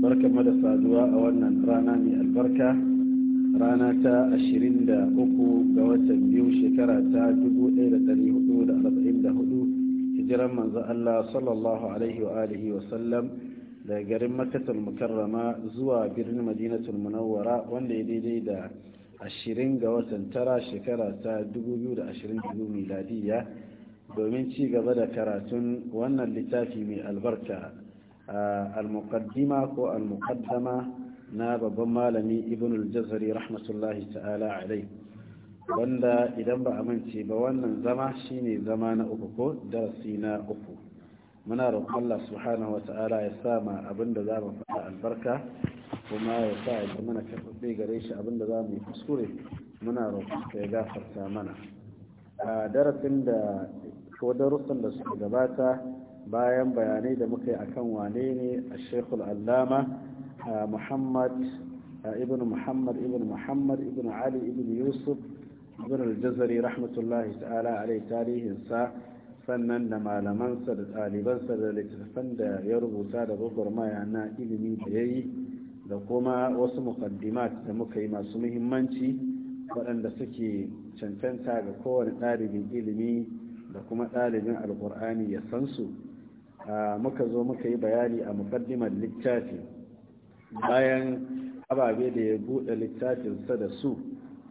barkar da saduwa a wannan rana mai albarka rana ta 23 ga watan biyu shekara ta 1444 hijiran manzo Allah sallallahu alaihi wa alihi wa sallam daga garin makkatul mukarrama zuwa birnin madinatul munawwara wanda ya daidai da 20 ga watan tara shekara ta 2022 miladiya domin ci gaba da karatun wannan littafi mai albarka al-muqaddima ko al na babban malami ibn al-jazari rahmatullahi ta'ala alai wanda idan ba a amince ba wannan zama shine zama na uku ko darasi na uku muna roƙon Allah subhanahu wa ya sa ma abinda za mu faɗa albarka kuma ya sa ya zama na karɓaɓɓe gare shi abinda za mu yi kuskure muna roƙon ka ya gafarta mana a darasin da ko darussan da suka gabata bayan bayanai da muka yi akan wane ne a shekul allama muhammad ibn muhammad ibn muhammad ibn ali ibn yusuf ibn aljazari rahmatullahi ta'ala alai tarihinsa sannan da malamansa da ɗalibansa da littattafan da ya rubuta da gwagwarmaya na ilimi da ya yi da kuma wasu mukaddimat da muka yi masu muhimmanci waɗanda suke cancanta ga kowane ɗalibin ilimi da kuma ɗalibin alkur'ani ya san su muka zo muka yi bayani a mukaddimar littafi bayan ababe da ya buɗe littafinsa da su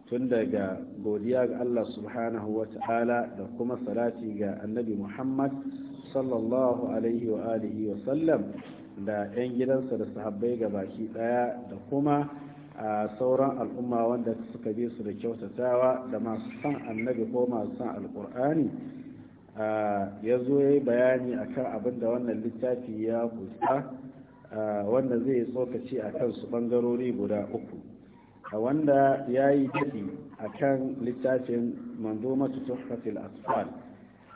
tun daga godiya ga Allah subhanahu wa ta'ala da kuma salati ga annabi Muhammad sallallahu alaihi wa alihi wa sallam da 'yan gidansa da sahabbai ga baki ɗaya da kuma a sauran al'umma wanda suka bi su da kyautatawa da masu san annabi ko masu san alƙur'ani ya zo ya yi bayani a kan abin da wannan littafi ya kusa wanda zai tsokaci a kan su ɓangarori guda uku wanda ya yi daɗi a kan littafin manzomatu tuhfatul asfal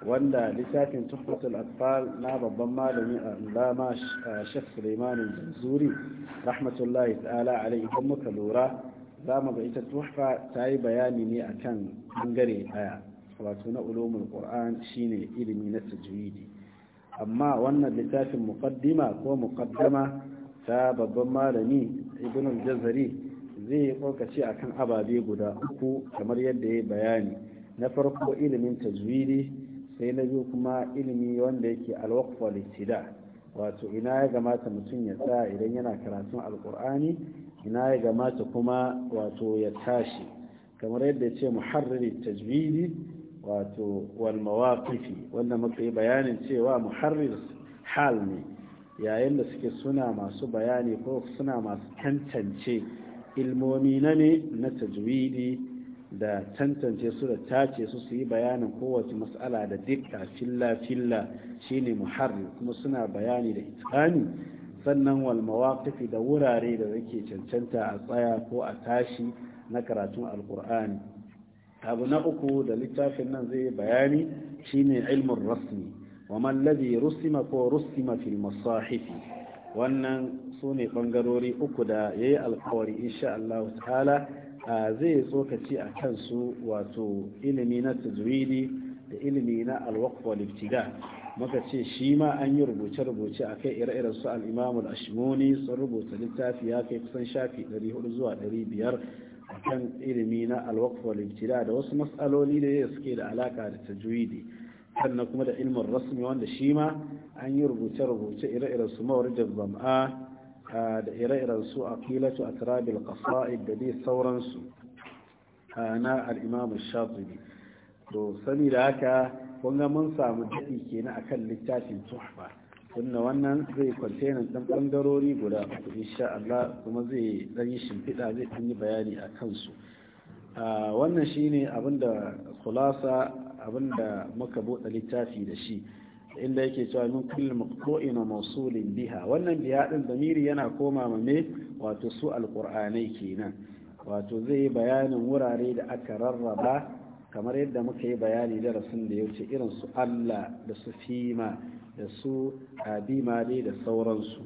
wanda littafin tuhfatul asfal na babban malami a dama shek suleimanin zuri rahmatullahi ta'ala alaihi idan muka lura za mu ga ita tuhfa ta yi bayani ne a kan ɓangare ɗaya wato na ulumul qur'an shine ilimi na tajwidi amma wannan littafin muqaddima ko muqaddama ta babban malami ibn al-jazari zai yi kokaci akan ababe guda uku kamar yadda ya bayani na farko ilimin tajwidi sai na biyu kuma ilimi wanda yake al-waqf wal wato ina ya gamata mutum ya tsaya idan yana karatun Al-Qur'ani ina ya gamata kuma wato ya tashi kamar yadda ya ce muharriri tajwidi wato wal wanda muka yi bayanin cewa Muharris hal ne yayin da suke suna masu bayani ko suna masu tantance ilmomi na ne na tajwidi da tantance su da tace su su yi bayanin kowace mas'ala da dukka filla filla shine muharri kuma suna bayani da itqani sannan wal da wurare da zake cancanta a tsaya ko a tashi na karatun alkur'ani abu na uku da littafin nan zai bayani shine ilmin rasmi wa ladhi rusima ko rusima fil masahifi wannan sune bangarori uku da ya yi alkawari insha Allah ta'ala zai tsokaci a kansu wato ilimi na tajwidi da ilimi na alwaqf wal ibtida muka ce shi ma an yi rubuce-rubuce a kai ire-iren su al-imam ashmuni sun rubuta littafi ya kai kusan shafi 400 zuwa 500 kan ilimi na alwaqf wal da wasu matsaloli da suke da alaka da tajwidi sannan kuma da ilmin rasmi wanda shi ma an yi rubuce-rubuce ire-iren su mawarijin bam'a da ire-iren su a filatu a tarabil ƙasa'id da dai sauransu na al'imamu shafi to sani da haka ga mun samu daɗi kenan akan littafin tuhfa tunda wannan zai kwantenan ɗan ɓangarori guda insha Allah kuma zai ɗan yi shimfiɗa zai ɗan yi bayani a kansu wannan shine abinda kulasa abinda muka buɗe littafi da shi inda yake cewa min kulli maqtu'in wa mawsulin biha wannan biha din damiri yana koma ma me wato su alqur'anai kenan wato zai yi bayanin wurare da aka rarraba kamar yadda muka yi bayani darasin da ya wuce irin su Allah da su fima da su abimale da sauransu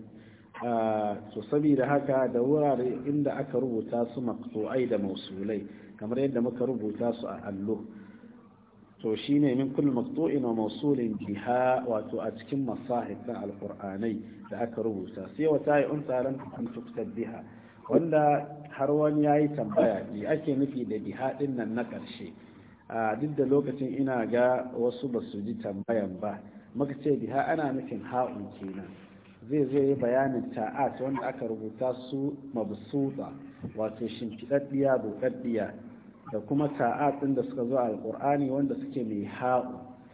to saboda haka da wurare inda aka rubuta su maktu'ai da mausulai kamar yadda muka rubuta su a allo to shine min kullu maqtu'in wa mausulin biha wato a cikin masahif Alkur'anai da aka rubuta sai wata yi unsa lam kun biha wanda har wani yayi tambaya ne ake nufi da biha din nan na ƙarshe. a duk da lokacin ina ga wasu basu ji tambayan ba muka ce biha ana nufin ha'un kenan zai zo yi bayanin ta'at wanda aka rubuta su mabsuta wato shimfiɗaɗɗiya buɗaɗɗiya da kuma ta'at ɗin da suka zo a alƙur'ani wanda suke mai ha'u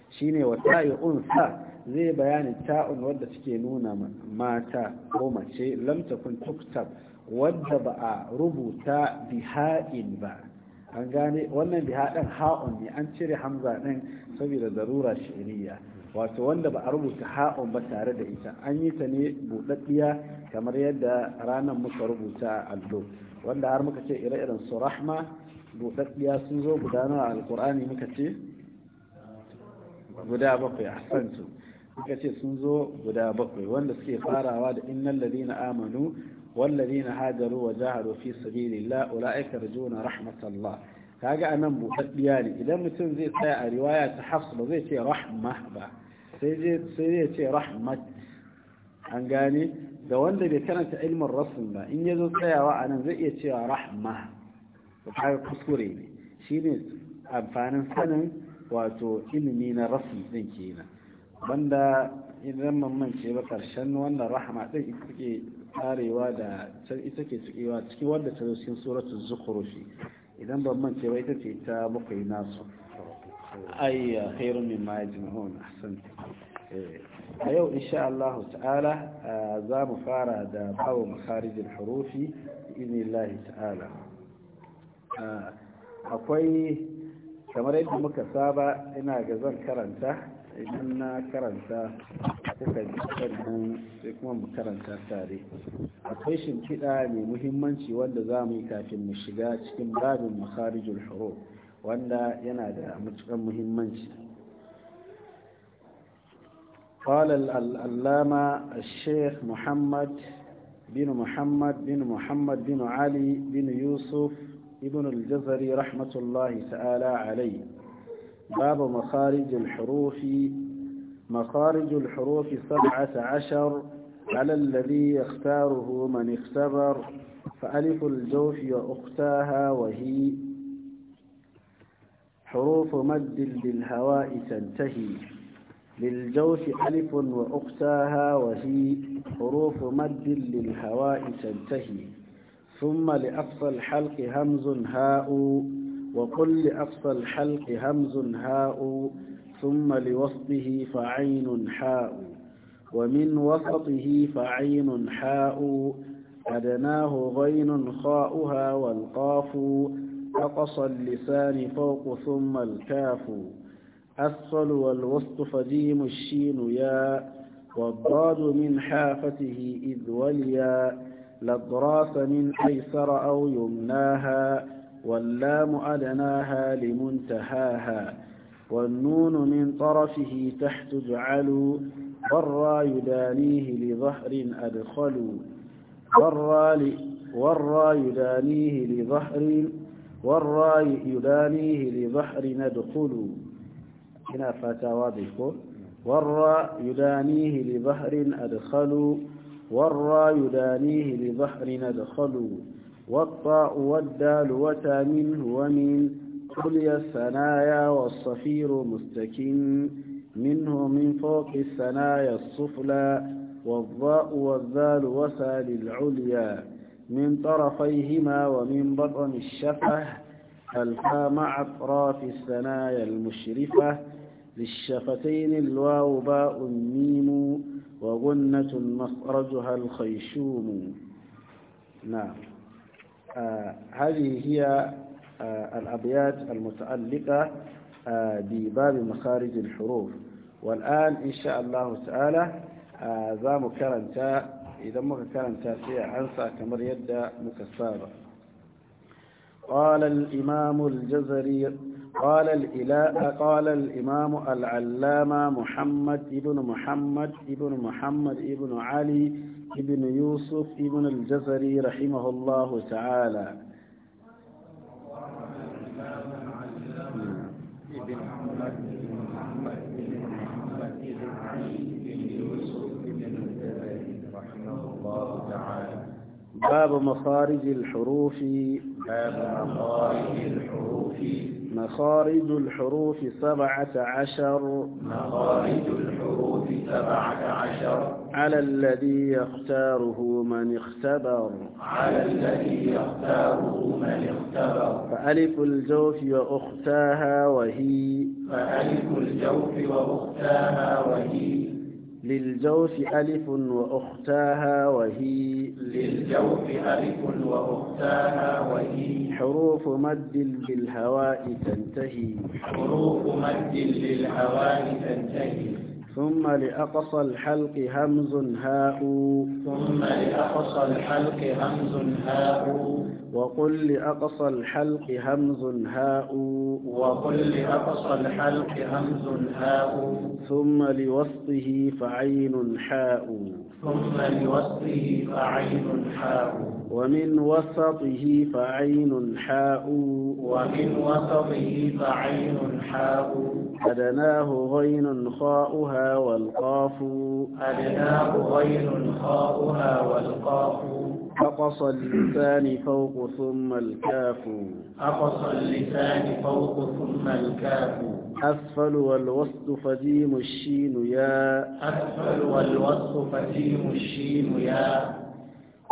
shine wa ta'i unsa zai bayanin ta'un wadda suke nuna mata ko mace lam kun tuktab wadda ba a rubuta biha'in ba an gane wannan biha ɗin ha'un ne an cire hamza ɗin saboda zarura shari'a wato wanda ba a rubuta ha'on ba tare da ita an yi ta ne buɗaɗɗiya kamar yadda ranar muka rubuta a allo wanda har muka ce ire-iren su rahma buɗaɗɗiya sun zo gudana a alƙur'ani muka ce guda bakwai a santu muka ce sun zo guda bakwai wanda suke farawa da innal ladina amanu wal ladina hajaru wa jaharu fi sabilillah ulaika yarjuna rahmatallah kaga anan buɗaɗɗiya ne idan mutum zai tsaya a riwaya ta hafs ba zai ce rahma ba sai zai ce rahmat an gane da wanda bai karanta ilmin rasul ba in ya zo tsayawa a nan zai iya cewa rahma kaga kuskure ne shine amfanin sanin wato ilimi na rasul din kenan banda idan mamance ba karshen wannan rahma din ita take tsarewa da ita ke cikewa cikin wanda ta zo cikin suratul zukhruf idan ban mance wai ita ce ta bakwai nasu ay khairun mimma yajma'un ahsanta eh, a yau insha Allah ta'ala eh, za mu fara da bawo makharijin harufi iznillahi ta'ala eh, akwai kamar yadda muka saba ina ga zan karanta idan na karanta suka ji karfin sai kuma mu karanta tare akwai shin kiɗa mai muhimmanci wanda za mu yi kafin mu shiga cikin babin makarijin shuru wanda yana da matuƙar muhimmanci ƙwalar alama sheikh muhammad bin muhammad bin muhammad bin ali bin yusuf ibn al rahmatullahi ta'ala alayhi باب مخارج الحروف مخارج الحروف سبعة عشر على الذي يختاره من اختبر فألف الجوف وأختاها وهي حروف مد بالهواء تنتهي للجوف ألف وأختاها وهي حروف مد للهواء تنتهي ثم لأقصى الحلق همز هاء وقل لأقصى الحلق همز هاء ثم لوسطه فعين حاء ومن وسطه فعين حاء أدناه غين خاؤها والقاف أقصى اللسان فوق ثم الكاف أسفل والوسط فجيم الشين يا والضاد من حافته إذ وليا لضراس من أيسر أو يمناها واللام أدناها لمنتهاها والنون من طرفه تحت جعلوا والرا يدانيه لظهر أدخلوا والرا, والرا يدانيه لظهر والرا يدانيه لظهر ندخل هنا فاتا واضح والرا يدانيه لظهر أدخل والرا يدانيه لظهر ندخل والطاء والدال وتا منه ومن عليا الثنايا والصفير مستكن منه من فوق الثنايا السفلى والضاء والذال وسال العليا من طرفيهما ومن بطن الشفه الفا مع أطراف الثنايا المشرفة للشفتين الواو باء ميم وغنة مخرجها الخيشوم نعم آه، هذه هي آه، الأبيات المتعلقة آه، بباب مخارج الحروف والآن إن شاء الله تعالى ذا كرنتا إذا كرنتا في عنصة كمر يد مكسابة قال الإمام الجزري قال الإله قال الإمام العلامة محمد ابن محمد ابن محمد ابن علي ابن يوسف ابن الجزري رحمه الله تعالى باب مخارج الحروف باب مخارج مخارج الحروف سبعة عشر مخارج الحروف سبعة عشر على الذي يختاره من اختبر على الذي يختاره من اختبر فألف الجوف وأختاها وهي فألف الجوف وأختاها وهي للجوف ألف وأختاها وهي للجوف ألف وأختاها وهي حروف مد بالهواء تنتهي حروف مد بالهواء تنتهي ثم لأقصى الحلق همز هاء ثم لأقصى الحلق همز هاء وقل لأقصى الحلق همز هاء وقل لأقصى الحلق همز هاء ثم لوسطه فعين حاء ثم لوسطه فعين حاء ومن وسطه فعين حاء ومن وسطه فعين حاء أدناه غين خاؤها والقاف أدناه غين خاؤها والقاف أقصى اللسان فوق ثم الكاف أقصى اللسان فوق ثم الكاف أسفل والوسط فديم الشين يا أسفل والوسط فديم الشين يا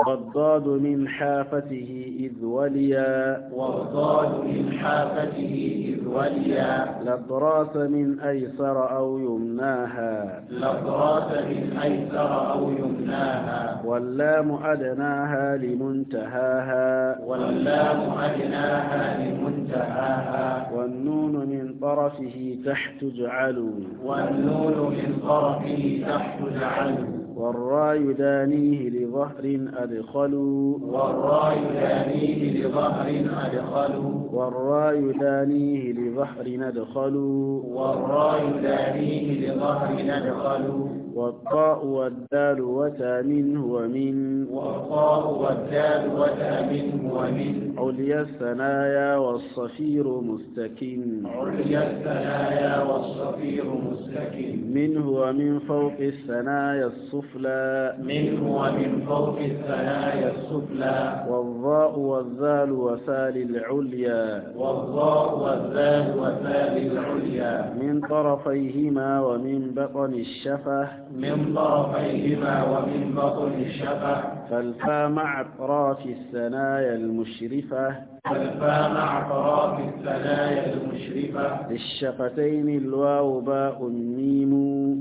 والضاد من حافته إذ وليا والضاد من حافته إذ وليا لضراس من أيسر أو يمناها لضراس من أيسر أو يمناها واللام أدناها لمنتهاها واللام أدناها لمنتهاها والنون من طرفه تحت جعل والنون من طرفه تحت جعل والرا يدانيه لظهر أدخلوا والرا يدانيه لظهر أدخلوا والرا يدانيه لظهر أدخلوا والرا يدانيه لظهر أدخلوا والطاء والدال وتا هو من والطاء والدال وتا هو من عليا الثنايا والصفير مستكين عليا الثنايا والصفير مستكين من هو من فوق الثنايا السفلى من هو من فوق الثنايا السفلى والظاء والذال وسال العليا والظاء والذال وسال العليا من طرفيهما ومن بطن الشفه من طرفيهما ومن بطن الشفة فالفا مع أطراف الثنايا المشرفة فالفا مع أطراف الثنايا المشرفة للشفتين الواو باء ميم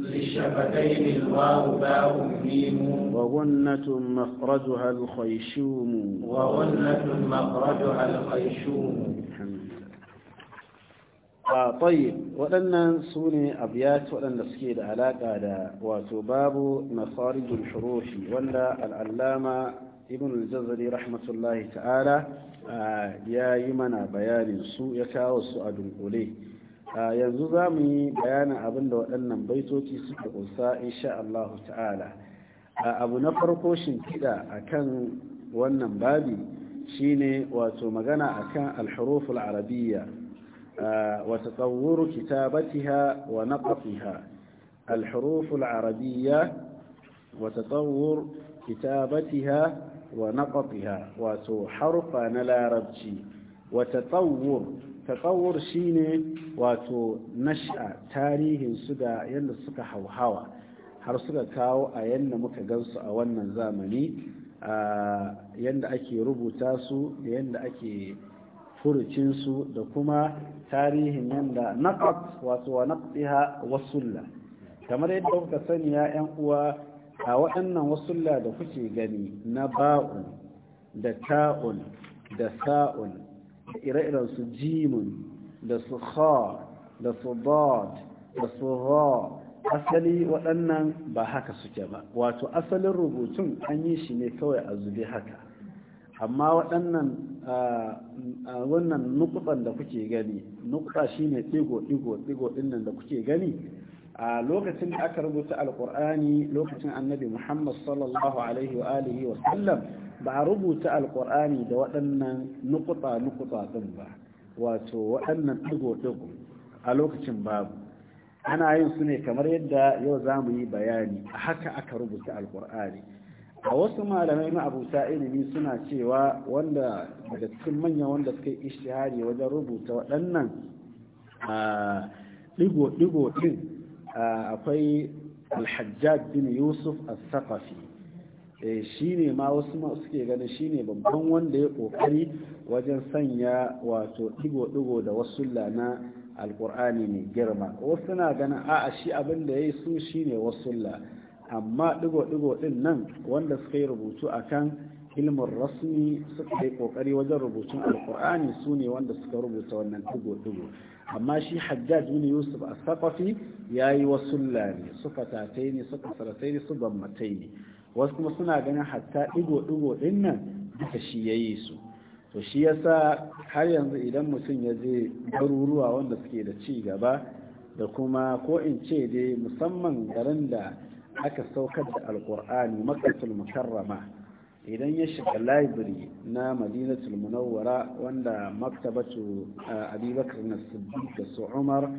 للشفتين الواو باء الميم وغنة مخرجها الخيشوم وغنة مخرجها الخيشوم الحمد a tayyib waɗannan su ne abiyat waɗanda suke da alaƙa da wato babu nasarijin shurufi wanda al'allama ibn al-jazari rahmatullahi ta'ala ya yi mana bayanin su ya kawo su a dunkule yanzu za mu yi bayanin abin da waɗannan baitoci suka ƙusa insha Allah ta'ala abu na farko shimfiɗa a kan wannan babi shine wato magana akan al-huruful arabiyya آه، وتطور كتابتها ونقطها الحروف العربية وتطور كتابتها ونقطها وتحرف نلا ربجي وتطور تطور شين وتنشأ تاريه سدى يلسك حوحاوة حرسك كاو أين متقنص أولنا زامني آه، يند أكي ربو تاسو يند أكي furucinsu da kuma tarihin yadda naqat wato wa naqtiha wasulla kamar yadda kuka sani ya yan uwa a waɗannan wasulla da kuke gani na ba'un da ta'un da sa'un da ire-iren su jimun da su kha da su dad da su ra asali waɗannan ba haka suke ba wato asalin rubutun an yi shi ne kawai a zube haka amma waɗannan wannan nukutsan da kuke gani nukutsa shine ɗigo ɗigo ɗigo ɗinnan da kuke gani a lokacin da aka rubuta alƙur'ani lokacin annabi muhammad sallallahu alaihi wa alihi wa sallam ba a rubuta alƙur'ani da waɗannan nukutsa nukutsa ɗin ba wato waɗannan ɗigo ɗigo a lokacin babu ana yin su ne kamar yadda yau za mu yi bayani a haka aka rubuta alƙur'ani a wasu malamai ma'abuta ilimi suna cewa wanda daga cikin manya wanda suka yi ishtihari wajen rubuta waɗannan ɗigo-ɗigo ɗin akwai alhajjad bin yusuf al-saqafi eh, shi ne ma wasu suke gani shi ne babban wanda ya ƙoƙari wajen sanya wato ɗigo-ɗigo da wasu na alƙur'ani mai girma wasu na ganin a'a shi abin da ya yi su shi ne wasu amma digo-digo din nan wanda suka yi rubutu akan ilmin rasmi suka yi kokari wajen rubutun alkur'ani su ne wanda suka rubuta wannan digo-digo amma shi hajjaj bin yusuf a saƙafi ya yi wasu lari su tatai ne su saratai ne su bambatai ne wasu kuma suna ganin hatta digo-digo din nan duka shi ya yi su to shi yasa har yanzu idan mutum ya je garuruwa wanda suke da ci gaba da kuma ko in ce dai musamman garin da aka saukar da alkur'ani makatul mukarrama idan ya shiga library na madinatul munawwara wanda maktabatu abubakar na siddiq da su umar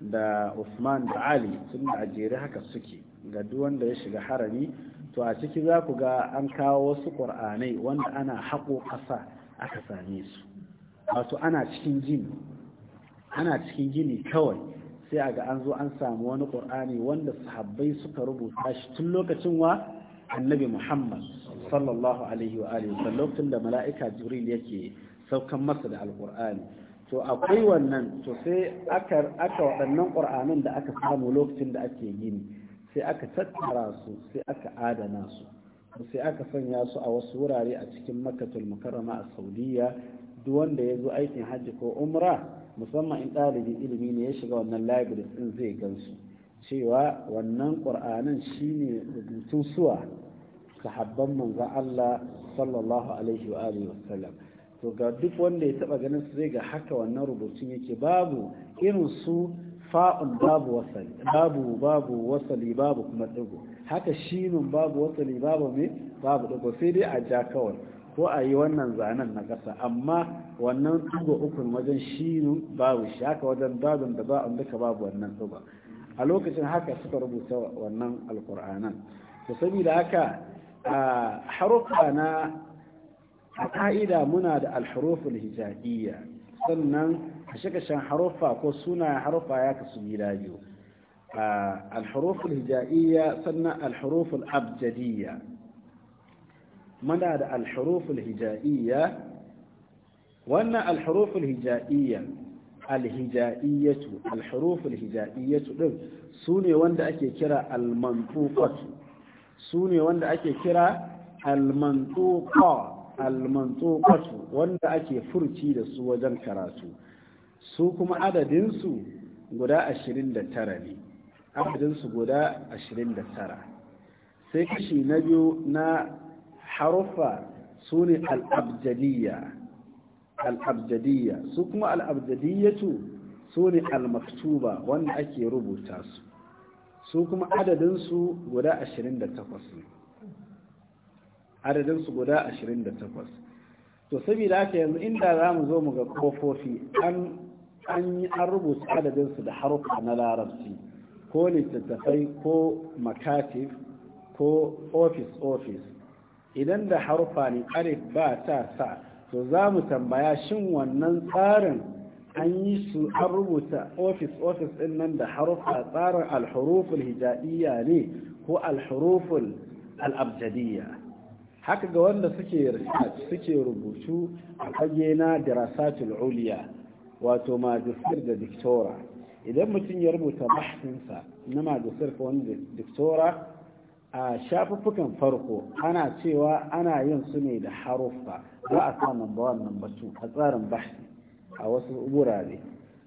da usman da ali tun da ajere haka suke ga duk wanda ya shiga harami to a ciki za ku ga an kawo wasu ƙur'anai wanda ana haƙo ƙasa aka same su wato ana cikin gini ana cikin gini kawai sai a ga an zo an samu wani ƙur'ani wanda sahabbai suka rubuta shi tun lokacin wa annabi muhammad sallallahu alaihi wa alihi lokacin da mala'ika jibril yake saukan masa da alƙur'ani to akwai wannan to sai aka aka waɗannan ƙur'anin da aka samu lokacin da ake gini sai aka tattara su sai aka adana su sai aka sanya su a wasu wurare a cikin makatul mukarrama a saudiya duk wanda ya zo aikin hajji ko umra musamman in ɗalibi ilimi ne ya shiga wannan library ɗin zai gansu cewa wannan ƙur'anin shine rubutun suwa sahabban manzon Allah sallallahu alaihi wa alihi wasallam to ga duk wanda ya taba ganin su zai ga haka wannan rubutun yake babu irin su fa'un babu wasali babu babu wasali babu kuma digo haka shinun babu wasali babu me babu digo sai dai a ja kawai ko a yi wannan zanen na ƙasa amma wannan ɗigo ukun wajen shinu babu shi haka wajen babin da ba'un duka babu wannan ɗigo a lokacin haka suka rubuta wannan alƙur'anan to saboda haka a harufa na a ƙa'ida muna da alharufin hijabiyya sannan kashe-kashen harufa ko sunayen harufa ya kasu gida biyu alharufin hijabiyya sannan alharufin abjadiyya muna da alhuruful hija'iyya wannan alhuruful hija'iyya alhija'iyyatu alhuruful hija'iyyatu din sune wanda ake kira almantuqat sune wanda ake kira almantuqa almantuqat wanda ake furci da su wajen karatu su kuma adadin su guda 29 ne adadin su guda 29 sai kashi na biyu na haruffa su ne al'abjadiyya al'abjadiyya su kuma al'abjadiyyatu su ne al-maktuba wanda ake rubuta su su kuma adadinsu guda 28 ne adadinsu guda 28 to saboda haka yanzu inda za mu zo mu ga kofofi an an yi an rubuta adadinsu da harufa na larabci ko littattafai ko makatif ko office office idan da harfa ne alif ba ta sa to za mu tambaya shin wannan tsarin an yi su an rubuta ofis ofis din nan da harfa tsarin alhuruful hijaiya ne ko alhuruful al'abjadiyya haka ga wanda suke suke rubutu a fage na dirasatul uliya wato majisir da diktora idan mutum ya rubuta bahsinsa na majisir ko wani diktora a shafuffukan farko ana cewa ana yin su ne da haruffa za a sa number one number a tsarin bahsi a wasu wurare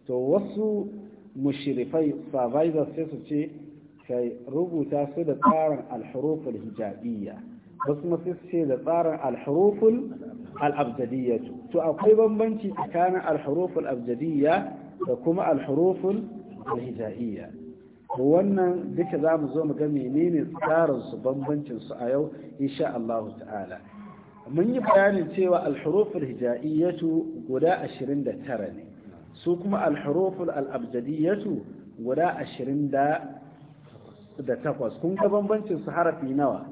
to wasu mushrifai survivors sai su ce kai rubuta su da tsarin alhuruful hijabiyya wasu masu ce da tsarin alhuruful al'abjadiyya to akwai bambanci tsakanin alhuruful abjadiyya da kuma alhuruful alhijabiyya wannan duka za mu zo mu ga menene tsarinsu bambancinsu a yau insha Allah ta'ala mun yi bayanin cewa alhuruful hijaiyatu guda 29 ne su kuma alhuruful al'abjadiyatu guda 28 kun ga bambancinsu harafi nawa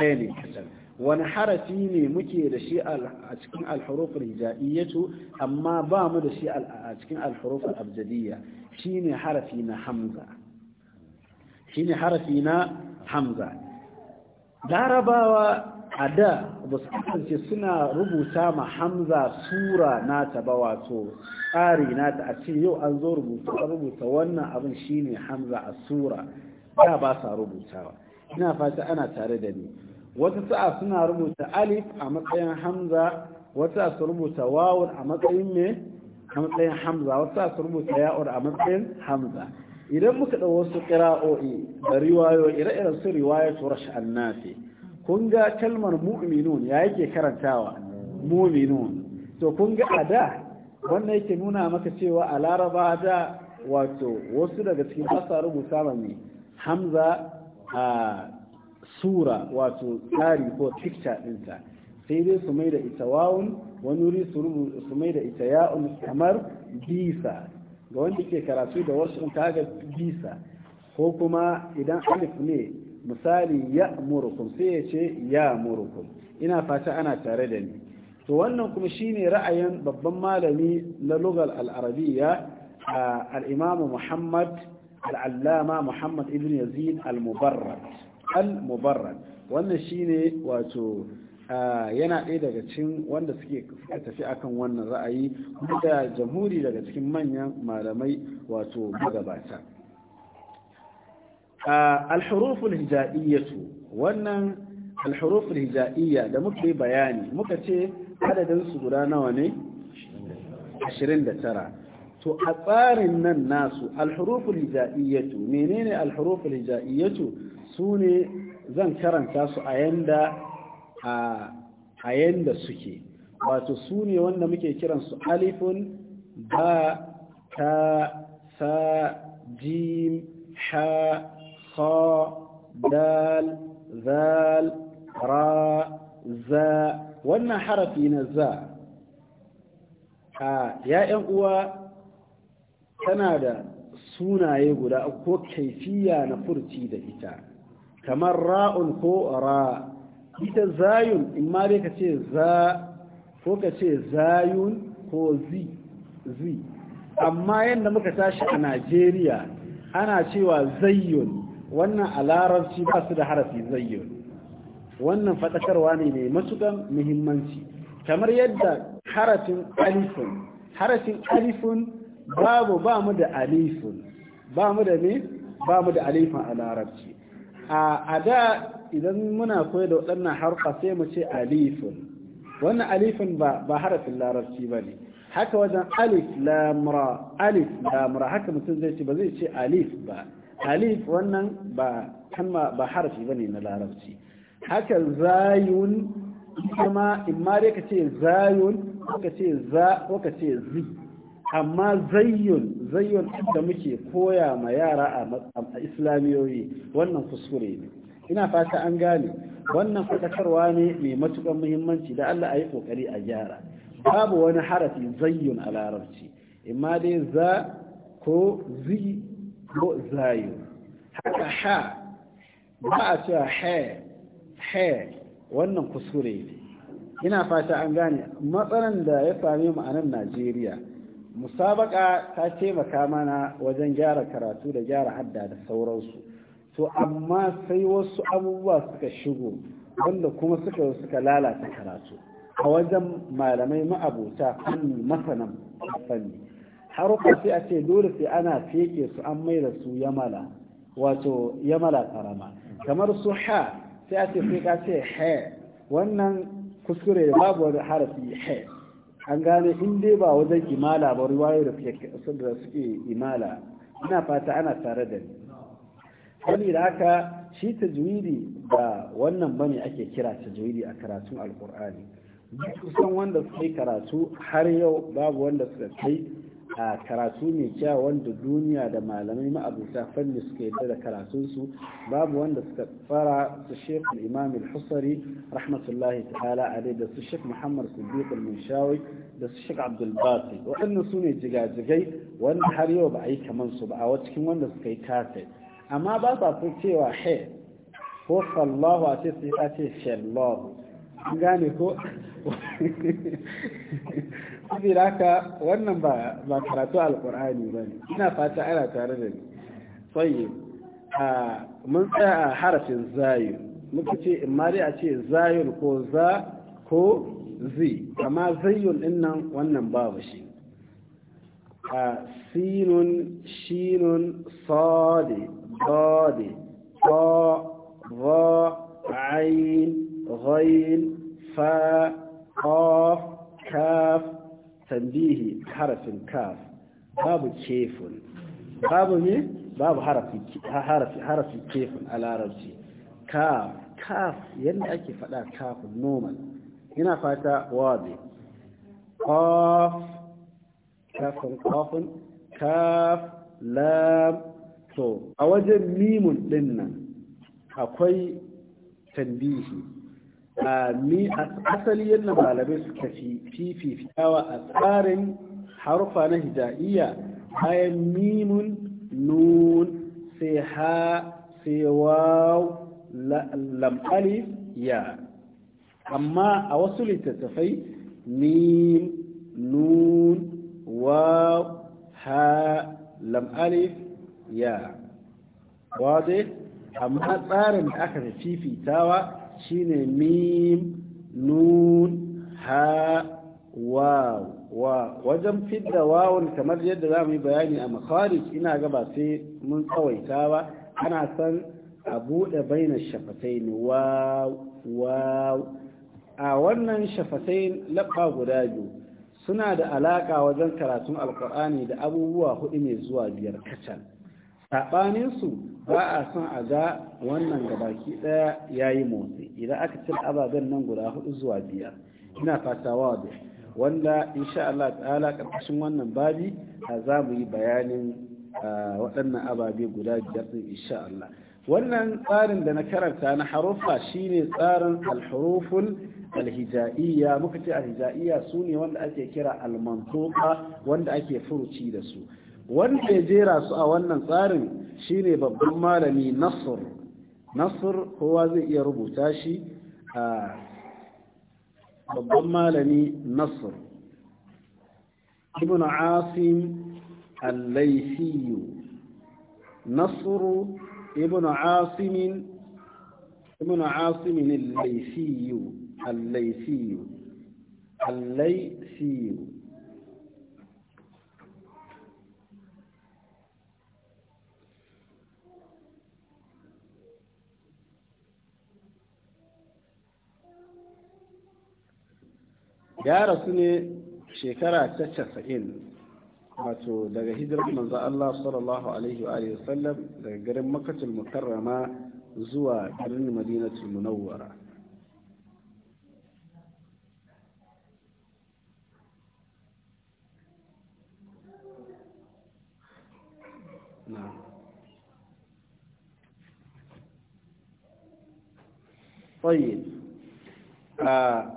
ɗaya ne wani harafi ne muke da shi a cikin alhuruful hijaiyatu amma ba mu da shi a cikin alhuruful abjadiyya ne harafi na hamza shine harafi na hamza larabawa a da ba su suna rubuta ma hamza sura nata ba wato tsari nata a ce yau an zo rubuta rubuta wannan abin shine hamza a sura da ba sa rubutawa ina fata ana tare da ni wata sa'a suna rubuta alif a matsayin hamza wata sa'a su rubuta wawun a matsayin me a matsayin hamza wata sa'a su rubuta ya'ur a matsayin hamza idan muka ɗau wasu ƙira'o'i da riwayo ire-iren su riwayatu rash annafi kun ga kalmar mu'minun ya yake karantawa mu'minun to kun ga a da wannan yake nuna maka cewa a laraba da wato wasu daga cikin ƙasa rubuta mai hamza a sura wato tsari ko picture ɗinta sai dai su mai da ita wawun wani wuri su mai da ita ya'un kamar bisa ga wanda ke karatu da wasu kaga bisa ko kuma idan alif ne misali ya murukum sai ya ce ya murukum ina fata ana tare da ni to wannan kuma shine ra'ayin babban malami na lugal al'arabiya a al Muhammad al-allama Muhammad ibn Yazid al-Mubarrad al-Mubarrad wannan shine wato Ah, yana ɗaya daga cikin wanda suke tafi akan wannan ra'ayi da jamhuri daga cikin manyan malamai wato magabata ah, alhuruful hija'iyyatu wannan alhuruful hija'iyya da muka bayani muka ce adadin su guda nawa ne 29 to a tsarin nan nasu alhuruful hija'iyyatu menene alhuruful hija'iyyatu sune zan karanta su a yanda a yanda suke wato su ne wanda muke kiransu alifun ba ta sa jim ha ha dal zal ra za wannan harafi na za a ya'yan uwa tana da sunaye guda ko kaifiya na furci da ita kamar ra'un ko ra ita zayun in ma dai ka ce za ko ka ce zayun ko zi zi amma yadda muka tashi a najeriya ana cewa zayyun wannan a larabci ba su da harafi zayyun wannan faɗakarwa ne mai matukan muhimmanci kamar yadda harafin alifun harafin alifun babu ba mu da alifun ba mu da ne ba mu da alifun a larabci a da idan muna koyar da waɗannan harfa sai mu ce alifun wannan alifun ba ba harafin larabci ba ne haka wajen alif lamura alif lamura haka mutum zai ce ba zai ce alif ba alif wannan ba kalma ba harafi bane na larabci haka zayun kuma in ma dai ka ce zayun ko ka ce za ko ka ce zi amma zayyun zayyun da muke koya ma yara a islamiyoyi wannan kuskure ne ina fata an gane wannan fadakarwa ne mai matukar muhimmanci da Allah yi kokari a gyara babu wani harafi zayyun a larabci imma dai za ko zi ko zayu haka ha ba a cewa ha ha wannan kusure ina fata an gane matsalan da ya same mu a nan Najeriya musabaka ta taimaka mana wajen gyara karatu da gyara hadda da sauransu to amma sai wasu abubuwa suka shigo wanda kuma suka suka lalata karatu a wajen malamai ma'abuta fanni masanan fanni Har haruka sai a ce dole sai ana feke su an mai da su yamala wato yamala karama kamar su ha sai a ce sai ka ce he wannan kuskure babu wani harafi ha an gane in dai ba wajen imala ba ruwaye da suke imala ina fata ana tare da ni saboda haka shi tajwidi da wannan bane ake kira tajwidi a karatun alkur'ani kusan wanda suka yi karatu har yau babu wanda suka kai a karatu mai kyau wanda duniya da malamai ma'abuta fanni suka yadda da karatunsu babu wanda suka fara su shekh imam al-husari rahmatullahi ta'ala alai da su shek muhammad siddiq al-munshawi da su shek abdul waɗannan su ne jigajigai wanda har yau ba a yi kamar su ba a cikin wanda suka yi kafet amma ba sa fi cewa he ko sallahu a ce sai a ce shallahu gane ko da haka wannan ba karatu alkur'ani ba ne ina fata ana tare da ni tsaye a mun tsaya a harafin zayu muka ce in mari a ce zayun ko za ko zi amma zayun din wannan babu shi a sinun shinun sadi ضاد طاء ظاء عين غين فاء قاف كاف tambihi harafin kaf babu kefun babu babu harafi kefun a larabci kaf kaf yadda ake faɗa kafin normal ina fata wabe kaf kafin kafin kaf lam to a wajen mimun din nan akwai tambihi a mi asali yadda malamai suka fi fifitawa a tsarin harfa na hija'iyya bayan mimun nun sai ha sai waw alif ya amma a wasu littattafai mim nun waw ha alif ya wade amma tsarin da aka fifitawa shine mim nun ha waw wa wajen fidda wawon kamar yadda za mu yi bayani a makarij ina gaba sai mun tsawaita ba ana san a buɗe bainar shafatai ne wa wa a wannan shafatai labba guda biyu suna da alaƙa wajen karatun alkur'ani da abubuwa hudu mai zuwa biyar kacal su ba a son a ga wannan gabaki ɗaya ya yi motsi idan aka cin ababen nan guda hudu zuwa biyar ina fata wa da wanda insha Allah ta'ala ƙarƙashin wannan babi a za mu yi bayanin waɗannan ababe guda biyar ɗin insha Allah wannan tsarin da na karanta na harufa shine tsarin alhuruful alhija'iya muka ce alhija'iyya su ne wanda ake kira almantuka wanda ake furuci da su wanda ya jera su a wannan tsarin shine babban malami nasr nasr kowa zai iya rubuta shi a babban malami nasr ibn asim al-laythi nasr ibn asim ibn asim al-laythi al-laythi al-laythi ya rasu ne shekara ta casa'in wato daga hijirar manzo Allah sallallahu alaihi wa alihi wasallam daga garin makatul mukarrama zuwa garin madinatul munawwara طيب آه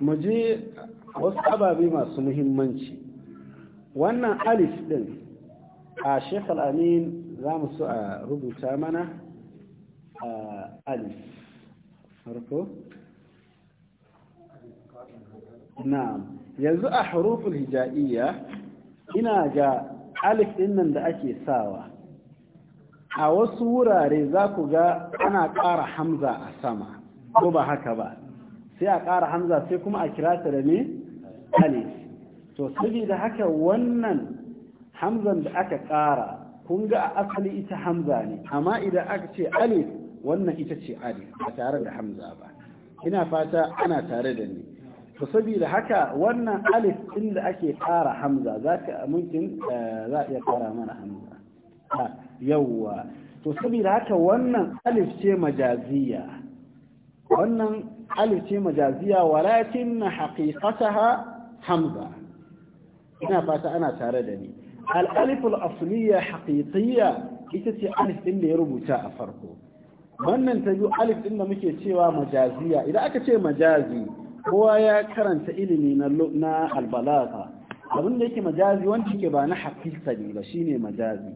muje wasu ababe masu muhimmanci wannan alif din a shekh amin za mu so a rubuta mana a alif harko? na'am yanzu a harufin hija'iyya ina ga alif din nan da ake sawa a wasu wurare za ku ga ana ƙara hamza a sama ko ba haka ba sai a ƙara hamza sai kuma a kira ta da ne alif to saboda haka wannan hamzan da aka ƙara kun ga a asali ita hamza ne amma idan aka ce alif wannan ita ce alif ba tare da hamza ba ina fata ana tare da ni to saboda haka wannan alif din da ake ƙara hamza za ka mungkin eh, za a iya ƙara mana hamza yawwa to saboda haka wannan alif ce majaziya wannan alif ce majaziya walakin na haƙiƙataha hamza ina fata ana tare da ni al'aliful asliya haƙiƙiyya ita ce alif ɗin da ya rubuta a farko wannan ta biyu alif ɗin da muke cewa majaziya idan aka ce majazi kowa ya karanta ilimi na albalaga abin da yake majazi wanda yake ba na haƙiƙa ne ba shine majazi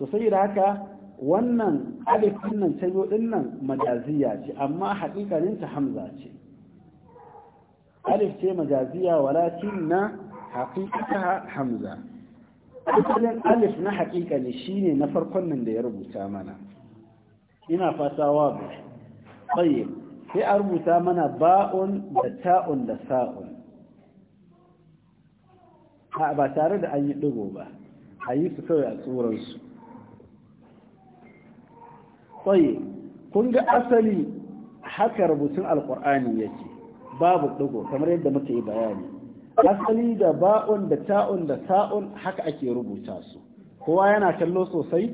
sosai da haka wannan alif nan ta yi din nan majaziya ce amma haƙiƙanin ta hamza ce alif ce majaziya walakin na haƙiƙa hamza asalin alif na haƙiƙa ne shine na farkon nan da ya rubuta mana ina fata wa ba sai a rubuta mana ba'un da ta'un da sa'un ba tare da an yi ɗigo ba a yi su kawai a tsoronsu tsaye kun ga asali haka rubutun alkur'ani yake babu ɗigo kamar yadda muka yi bayani asali da ba'un da ta'un da sa'un haka ake rubuta su kowa yana kallo sosai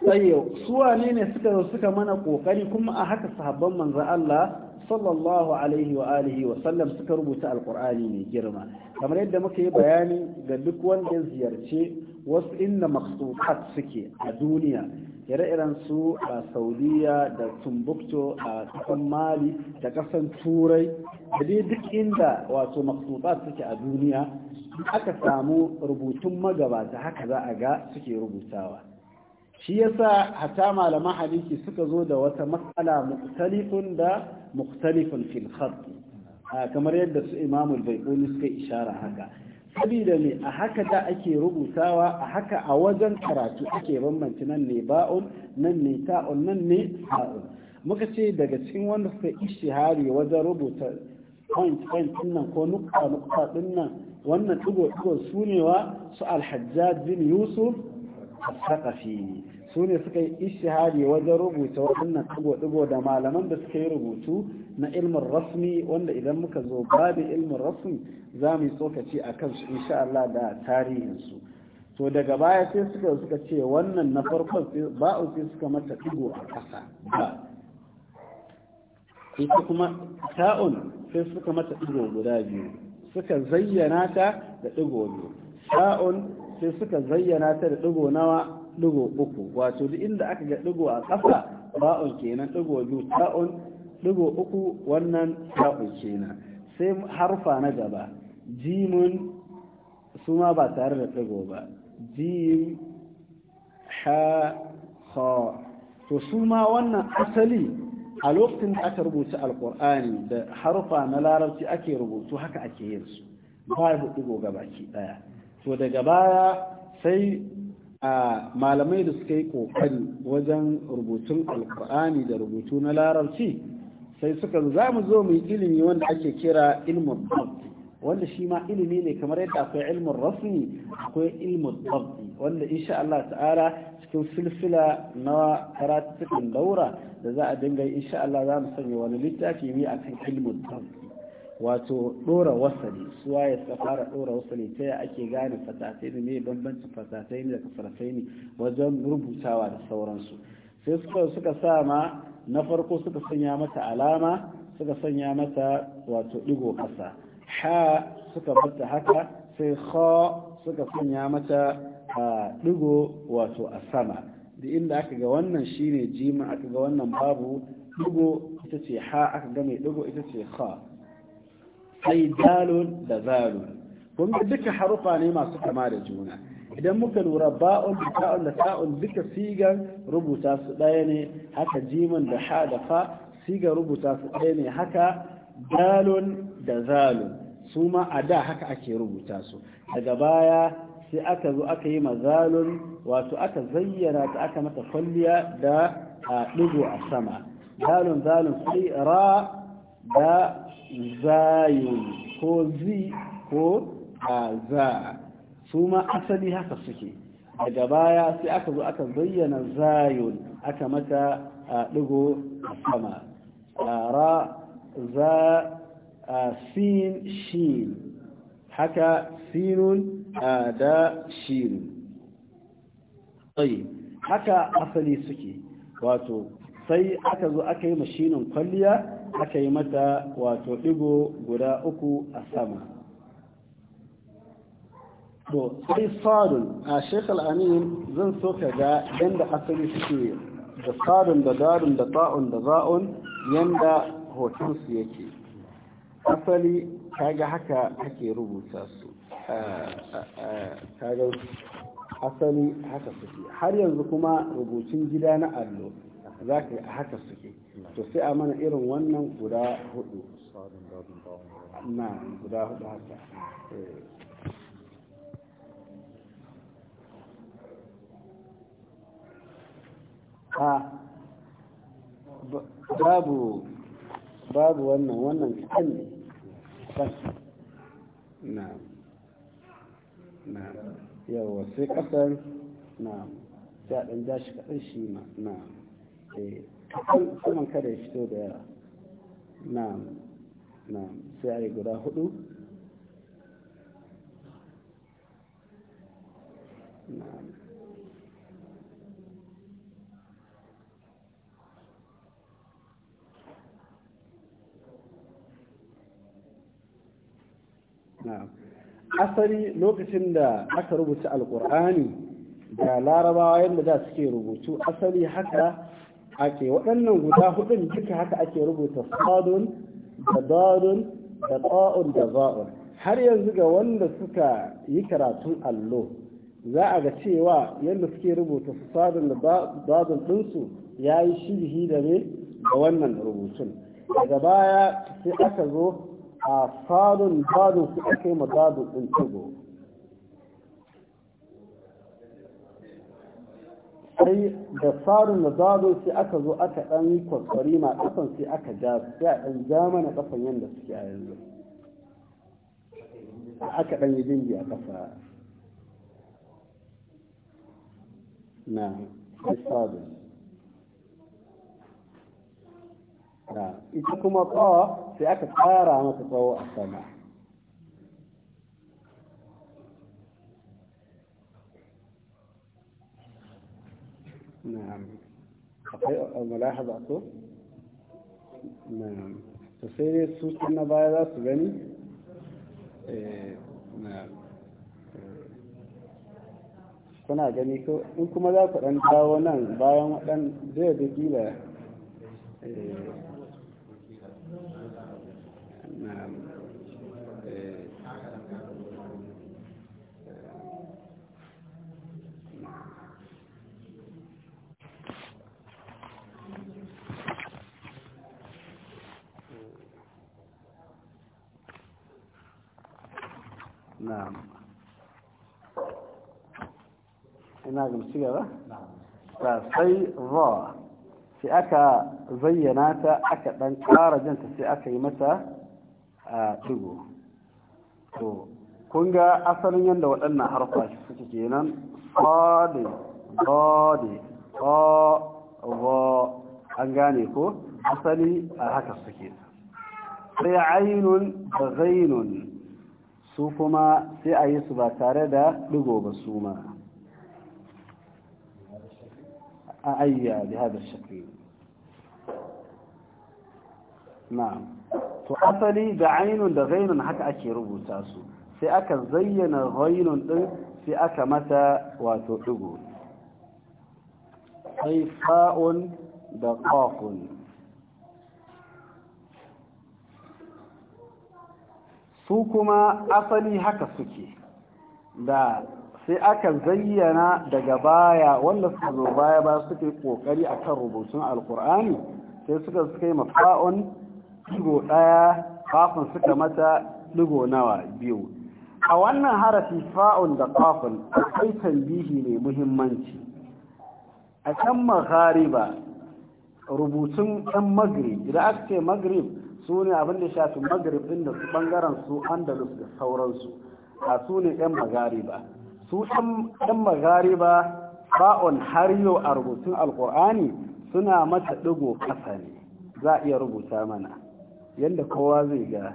tsaye suwa ne ne suka zo suka mana kokari kuma a haka sahabban manzo Allah sallallahu alaihi wa alihi wa sallam suka rubuta alkur'ani mai girma kamar yadda muka yi bayani ga duk wanda ya ziyarce wasu inda maksutat suke a duniya ire-iren su a saudiya da tumbuktu a kasan mali da kasan turai da dai duk inda wato maksuta suke a duniya aka samu rubutun magabata haka za a ga suke rubutawa shi yasa hata malaman hadisi suka zo da wata matsala muktalifun da muktalifun fil kamar yadda su imamul baiquni suka ishara haka sabida ne a haka da ake rubutawa a haka a wajen karatu ake bambanci nan ne ba'un nan ne ta'un nan ne ha'un muka ce daga cikin wanda suka hari wajen rubuta point point din nan ko nukta nukta din nan wannan digo digo sunewa su alhajjaj bin yusuf al saqafi su ne suka yi ishihari wajen rubuta waɗannan ɗigo-ɗigo da malaman da suka yi rubutu na ilmin rasmi wanda idan muka zo babu ilmin rasmi za mu yi tsokaci a kansu insha Allah da tarihinsu to daga baya sai suka suka ce wannan na farkon ba'u sai suka mata ɗigo a ƙasa ba ita kuma ta'un sai suka mata ɗigo guda biyu suka zayyana ta da ɗigo biyu ta'un sai suka zayyana ta da ɗigo nawa ɗigo uku wato duk inda aka ga ɗigo a ƙasa ba'un kenan ɗigo biyu ta'un ɗigo uku wannan ta'un kenan sai harfa na gaba jimun su ma ba tare da ɗigo ba jim ha ha to su ma wannan asali a lokacin da aka rubuta alkur'ani da harfa na larabci ake rubutu haka ake yin su ba ya ɗigo gaba ki ɗaya to daga baya sai a malamai da suka yi ƙoƙari wajen rubutun alkur'ani da rubutu na larabci sai suka za mu zo mu yi ilimi wanda ake kira ilmin dabbi wanda shi ma ilimi ne kamar yadda akwai ilmin rasmi akwai ilmin dabbi wanda insha Allah ta'ala cikin silsila na karatukan daura da za a dinga insha Allah za mu sanya wani littafi ne akan ilmin dabbi wato ɗora wasali suwa ya fara ɗora wasali ta ake gane fasatai ne mai bambancin fasatai ne da kasarfai ne wajen rubutawa da sauransu sai suka suka sa ma na farko suka sanya mata alama suka sanya mata wato ɗigo ƙasa ha suka bata haka sai ha suka sanya mata ɗigo wato a sama da inda aka ga wannan shine jima aka ga wannan babu ɗigo ita ce ha aka ga mai ɗigo ita ce kha sai dalun da zalun kun duka harufa ne masu kama da juna idan muka lura ba'un da ta'un da ta'un duka sigan rubuta su ɗaya ne haka jimin da ha da fa sigan rubuta su ɗaya ne haka dalun da zalun su ma a da haka ake rubuta su daga baya sai aka zo aka yi mazalun wato aka zayyana ta aka mata kwalliya da a ɗigo a sama dalun zalun sai ra da zayun ko zi ko Aza su ma asali haka suke daga baya sai aka zo aka bayyana zayun aka mata ɗigo sama ra za sin shin haka sinun da shin tsaye haka asali suke wato sai aka zo aka yi mashinin kwalliya aka yi mata wato ɗigo guda uku a sama to sai sadun a shekul amin zan so ka ga yadda asali suke da sadun da darun da ta'un da za'un yadda hotonsu yake asali ga haka ake rubuta su kaga asali haka suke har yanzu kuma rubutun gida na allo za ka haka suke to sai a mana irin wannan guda hudu na guda hudu haka eh. ah. a babu babu wannan wannan kan ne kan na na yawa sai kasar na sai ɗan jashi kaɗan shi na na eh kada ya fito da na na sai a yi guda asali lokacin da aka rubuta alkur'ani da larabawa yadda da suke rubutu asali haka ake waɗannan guda hudun duka haka ake rubuta fadun da dadun da ta'un da za'un har yanzu ga wanda suka yi karatun allo za a ga cewa yadda suke rubuta fadun da dadun ɗinsu ya yi shirhi da ne da wannan rubutun daga baya sai aka zo a fadun dadun su aka yi ma dadun ɗin tugo sai da tsarin da zado sai aka zo aka ɗan yi kwakwari ma kasan sai aka ja sai a ɗan ja mana ƙasan yadda suke a yanzu aka ɗan yi dingi a kasa na tsado na ita kuma tsawa sai aka tsara mata tsawo a sama نعم akwai mulahaza ko na'am to sai dai su baya za su gani kuna gani ko in kuma za ku ɗan dawo nan bayan waɗan zai da gila na'am ina ga sai ra sai aka zayyana ta aka ɗan ƙara janta sai aka yi mata a digo to kun ga asalin yadda waɗannan harfa suke kenan sadi sadi ƙawa an gane ko asali a haka suke sai ainun da zainun su kuma sai a yi su ba tare da ɗigo ba su ma a ayya da haɗar shaƙi na to asali da ainun da zainun haka ake rubuta su sai aka zayyana ghainun ɗin sai aka mata wato ɗigo sai fa'un da ƙafun su kuma asali haka suke da sai aka zayyana daga baya wanda suka zo baya ba suke kokari akan rubutun alkur'ani sai suka suka yi mafa'on digo daya kafin suka mata digo nawa biyu a wannan harafi fa'un da kafin akwai tambihi ne muhimmanci a can maghariba rubutun 'yan magrib idan aka ce magrib su ne abin da shafi magarib din da su bangaren su andalus da sauransu a su ne yan magariba su yan magariba ba'on har yau a rubutun alkur'ani suna mata ɗigo ƙasa ne za a iya rubuta mana yadda kowa zai ga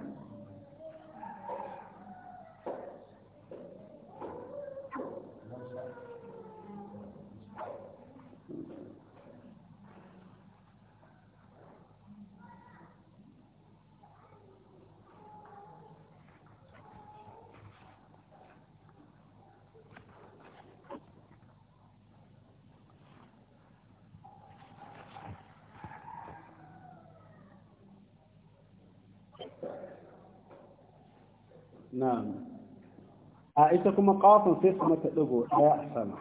ita kuma kafin sai su mata ɗigo ɗaya a sama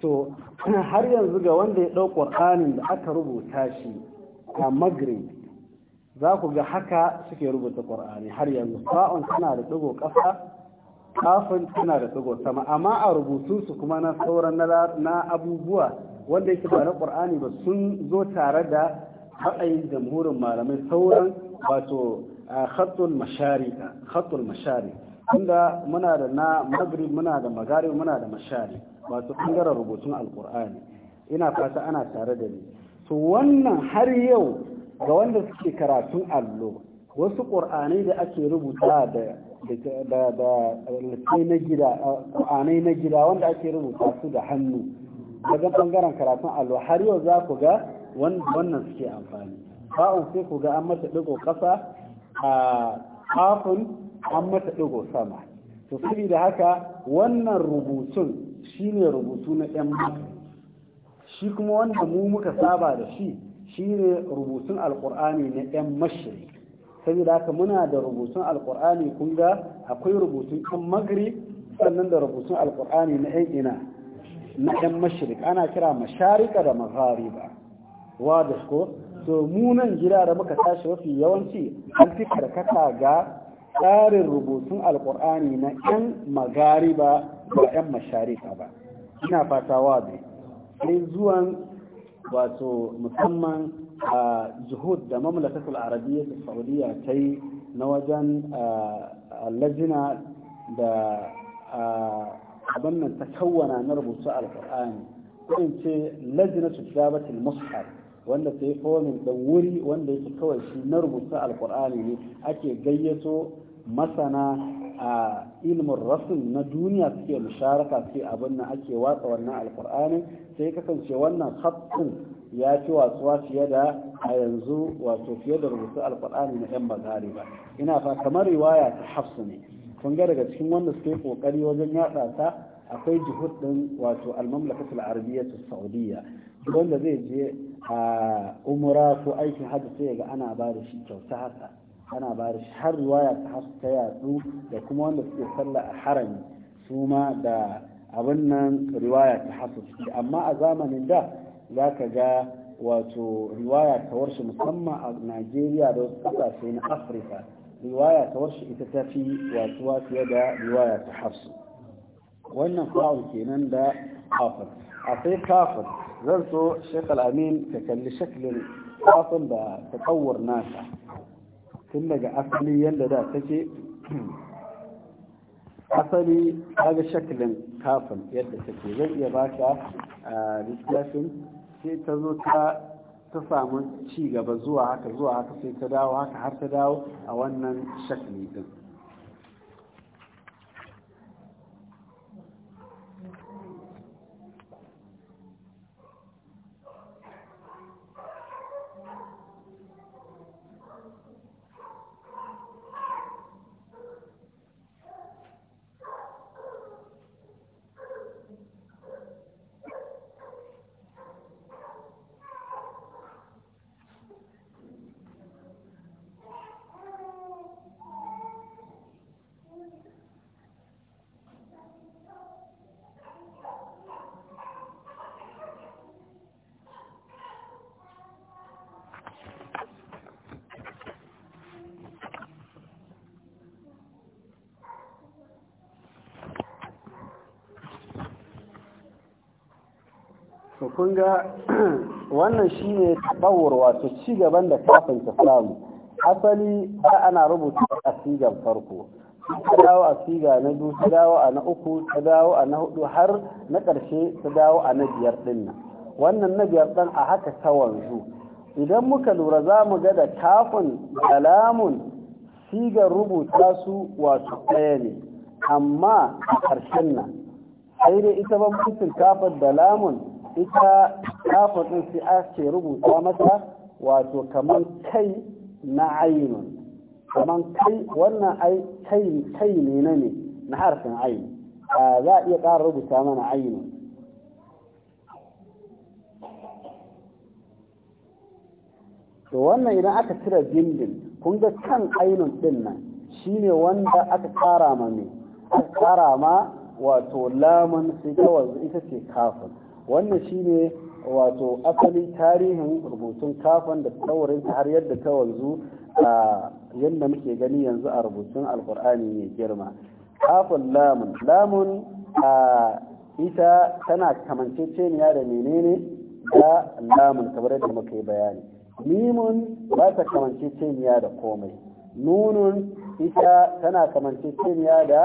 to har yanzu ga wanda ya ɗau ƙur'ani da aka rubuta shi a magrib za ku ga haka suke rubuta ƙur'ani har yanzu sa'on tana da ɗigo ƙasa kafin tana da ɗigo sama amma a rubutunsu kuma na sauran na abubuwa wanda yake ba na ƙur'ani ba sun zo tare da haɗayin jamhurin malamai sauran wato khatul mashari khatul mashari inda muna da na maghrib muna da magarib muna da mashari wato bangaren rubutun alqur'ani ina fata ana tare da ni to wannan har yau ga wanda suke karatun allo wasu qur'anai da ake rubuta da da da na gida qur'anai na gida wanda ake rubuta su da hannu daga bangaren karatun allo har yau za ku ga wannan suke amfani ba'un sai ku ga an masa digo kasa A kafin an mata ɗigo sama to saboda haka wannan rubutun shi ne rubutu na yan shi kuma wanda mu muka saba da shi shi ne rubutun alkur'ani na yan mashiri saboda haka muna da rubutun alkur'ani kun ga akwai rubutun yan magri sannan da rubutun alkur'ani na yan ina na yan mashirik ana kira masharika da maghariba wa da ko to mu nan gida da muka tashi mafi yawanci an fi karkata ga tsarin rubutun alkur'ani na 'yan magari ba 'yan masharika ba ina fata wa bai sai zuwan wato musamman a juhud da mamlakatul da saudiya ta yi na wajen lajina da abin nan ta kawana na rubutu alkur'ani ko in ce lajina su jabatul mushaf wanda sai fomin da wuri wanda yake kawai shi na rubuta alkur'ani ne ake gayyato masana a ilmin rasul na duniya suke musharaka suke abin nan ake watsa wannan alkur'ani sai kasance wannan hatsin ya fi watsuwa fiye da a yanzu wato fiye da rubutu alkur'ani na yan bazari ba ina fa kamar riwaya ta hafsu ne kun ga daga cikin wanda suke kokari wajen yatsa ta akwai jihud din wato almamlakatul mamlakatul arabiyyah saudiyya wanda zai je a umura ko aikin hajji sai ga ana ba da shi kyauta haka ana ba da shi har riwaya ta hasu ta yatsu da kuma wanda suke sallah a harami su ma da abin nan riwaya ta hasu amma a zamanin da za ka ga wato riwaya ta warshe musamman a najeriya da wasu kasashe na afirka riwaya ta warshe ita ta fi wasuwa fiye da riwaya ta hasu wannan fa'ul kenan da afirka akwai kafin zan so shekh amin ka kalli shaklin kafin da ta kawar nasa tun daga asali yadda da take asali kaga shaklin kafin yadda take zan iya baka a littafin sai ta zo ta ta samu ci gaba zuwa haka zuwa haka sai ta dawo haka har ta dawo a wannan shakli din Kunga kun ga wannan shine tabawur wato cigaban da kafin ta samu asali ba ana rubuta a sigan farko ta dawo a siga na biyu ta dawo a na uku ta dawo a na hudu har na ƙarshe ta dawo a na biyar ɗin nan wannan na biyar ɗin a haka ta wanzu idan muka lura za mu ga da kafin alamun sigar rubuta su wato ɗaya ne amma a ƙarshen nan sai dai ita bambancin kafin da lamun ita kafin sai a ce rubuta mata wato kamar kai na ainun kamar kai wannan kai ne na ne na harfin ainu za a iya ƙara rubuta mana ainu to wannan idan aka cire jindin kun ga kan ainun din nan shine wanda aka ƙara ma ne, aka ƙara ma wato lamun sai kawai ita ce kafin wannan shine wato asali tarihin rubutun kafan da tsawarin har yadda ta wanzu a yadda muke gani yanzu a rubutun alkur'ani mai girma kafin lamun lamun a ita tana kamanceceniya da menene da lamun kamar yadda muka yi bayani mimun ba ta kamanceceniya da komai nunun ita tana kamance kamanceceniya da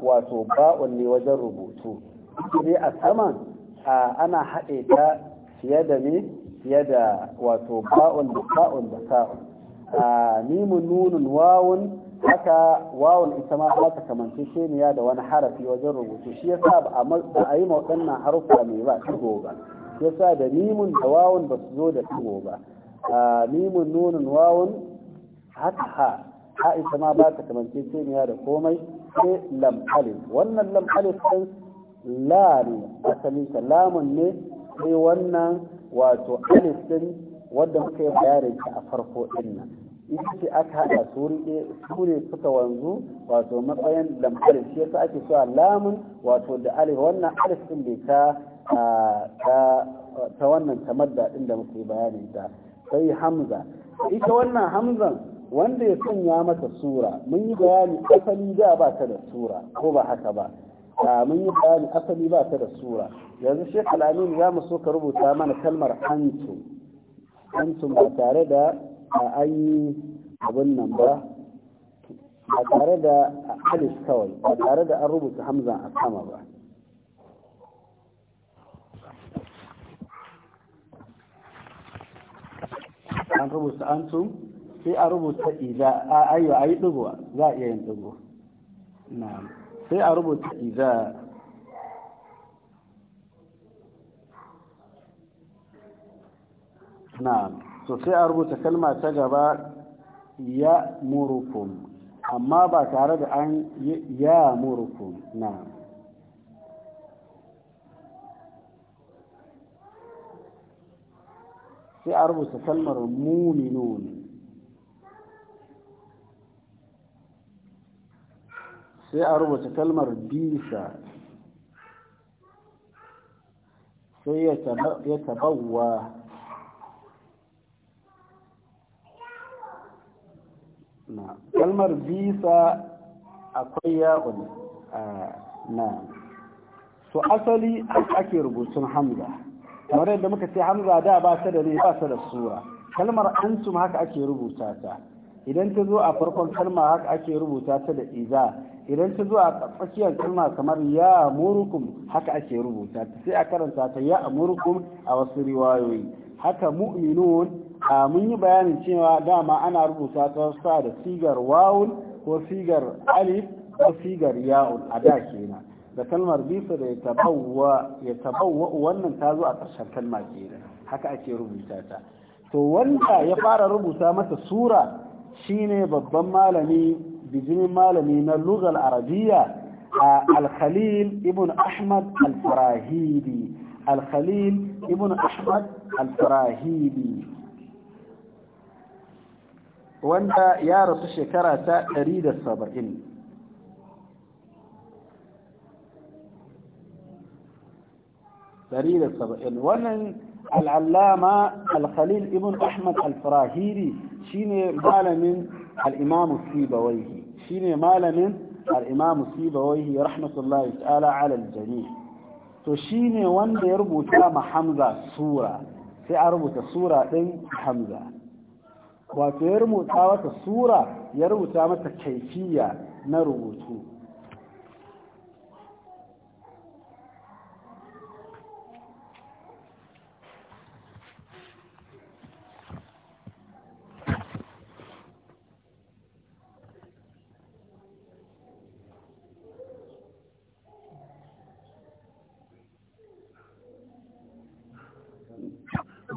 wato ba'un ne wajen rubutu dai a saman ana haɗe ta fiye da ne fiye da wato ba'un da ba'un da sa'un mimun nunin wawun haka wawun ita ma za ta kamanci sheniya da wani harafi wajen rubutu shi yasa ba a yi waɗannan harufa mai ba shigo ba yasa da mimun da wawun ba su zo da shigo ba mimun nunin wawun haka ha ha ita ma ba ta kamanci sheniya da komai sai lam alif wannan lam alif Lari ne asalin lamun ne sai wannan wato alif din wanda muka yi bayanin ta a farko din nan ita ce aka haɗa su ne suka wanzu wato matsayin da alif shi yasa ake cewa lamun wato da alif wannan alif din bai ta ta wannan tamadda din da muka yi bayanin ta sai hamza ita wannan hamzan wanda ya sanya mata sura mun yi bayani asali da ba ta da sura ko ba haka ba mun yi bayani asali ba ta da sura yanzu shi al'amin za mu so ka rubuta mana kalmar antum antum ba tare da an yi abin nan ba ba tare da alif kawai ba tare da an rubuta hamza a sama ba an rubuta antum sai a rubuta ida a ayo a yi digo za a iya yin digo na'am سي اربط اذا نعم في اربط كلمه تجب يامركم اما بعد عن ان يامركم نعم سي اربط كلمه مؤمنون sai a rubuta kalmar bisa sai ya tabawa na kalmar bisa akwai yawon na so asali ake rubutun hamza kamar yadda muka ce hamza da ba ta da ne ba ta da sura kalmar antum haka ake rubuta ta idan ta zo a farkon kalma haka ake rubuta ta da iza idan ta zo a tsakiyar kalma kamar ya murukum haka ake rubuta ta sai a karanta ta ya murukum a wasu riwayoyi haka mu'minun a mun yi bayanin cewa dama ana rubuta ta sa da sigar wawun ko sigar alif ko sigar ya'un a da kenan da kalmar bisa da ya tabawwa wannan ta zo a ƙarshen kalma kenan haka ake rubuta ta to wanda ya fara rubuta masa sura شيني ببن مالمي بزين مالمي من اللغة العربية آه، الخليل ابن أحمد الفراهيدي الخليل ابن أحمد الفراهيدي وانت يا رسول شكرا تريد السبعين تريد السبعين وانت al'allama al-khalil ibn ahmad al-farahiri shine malamin al-imamu sibawaihi shine malamin rahmatullahi ta'ala ala jami to shine wanda ya rubuta ma hamza sura sai a rubuta sura din hamza wato ya rubuta wata sura ya rubuta mata kaifiya na rubutu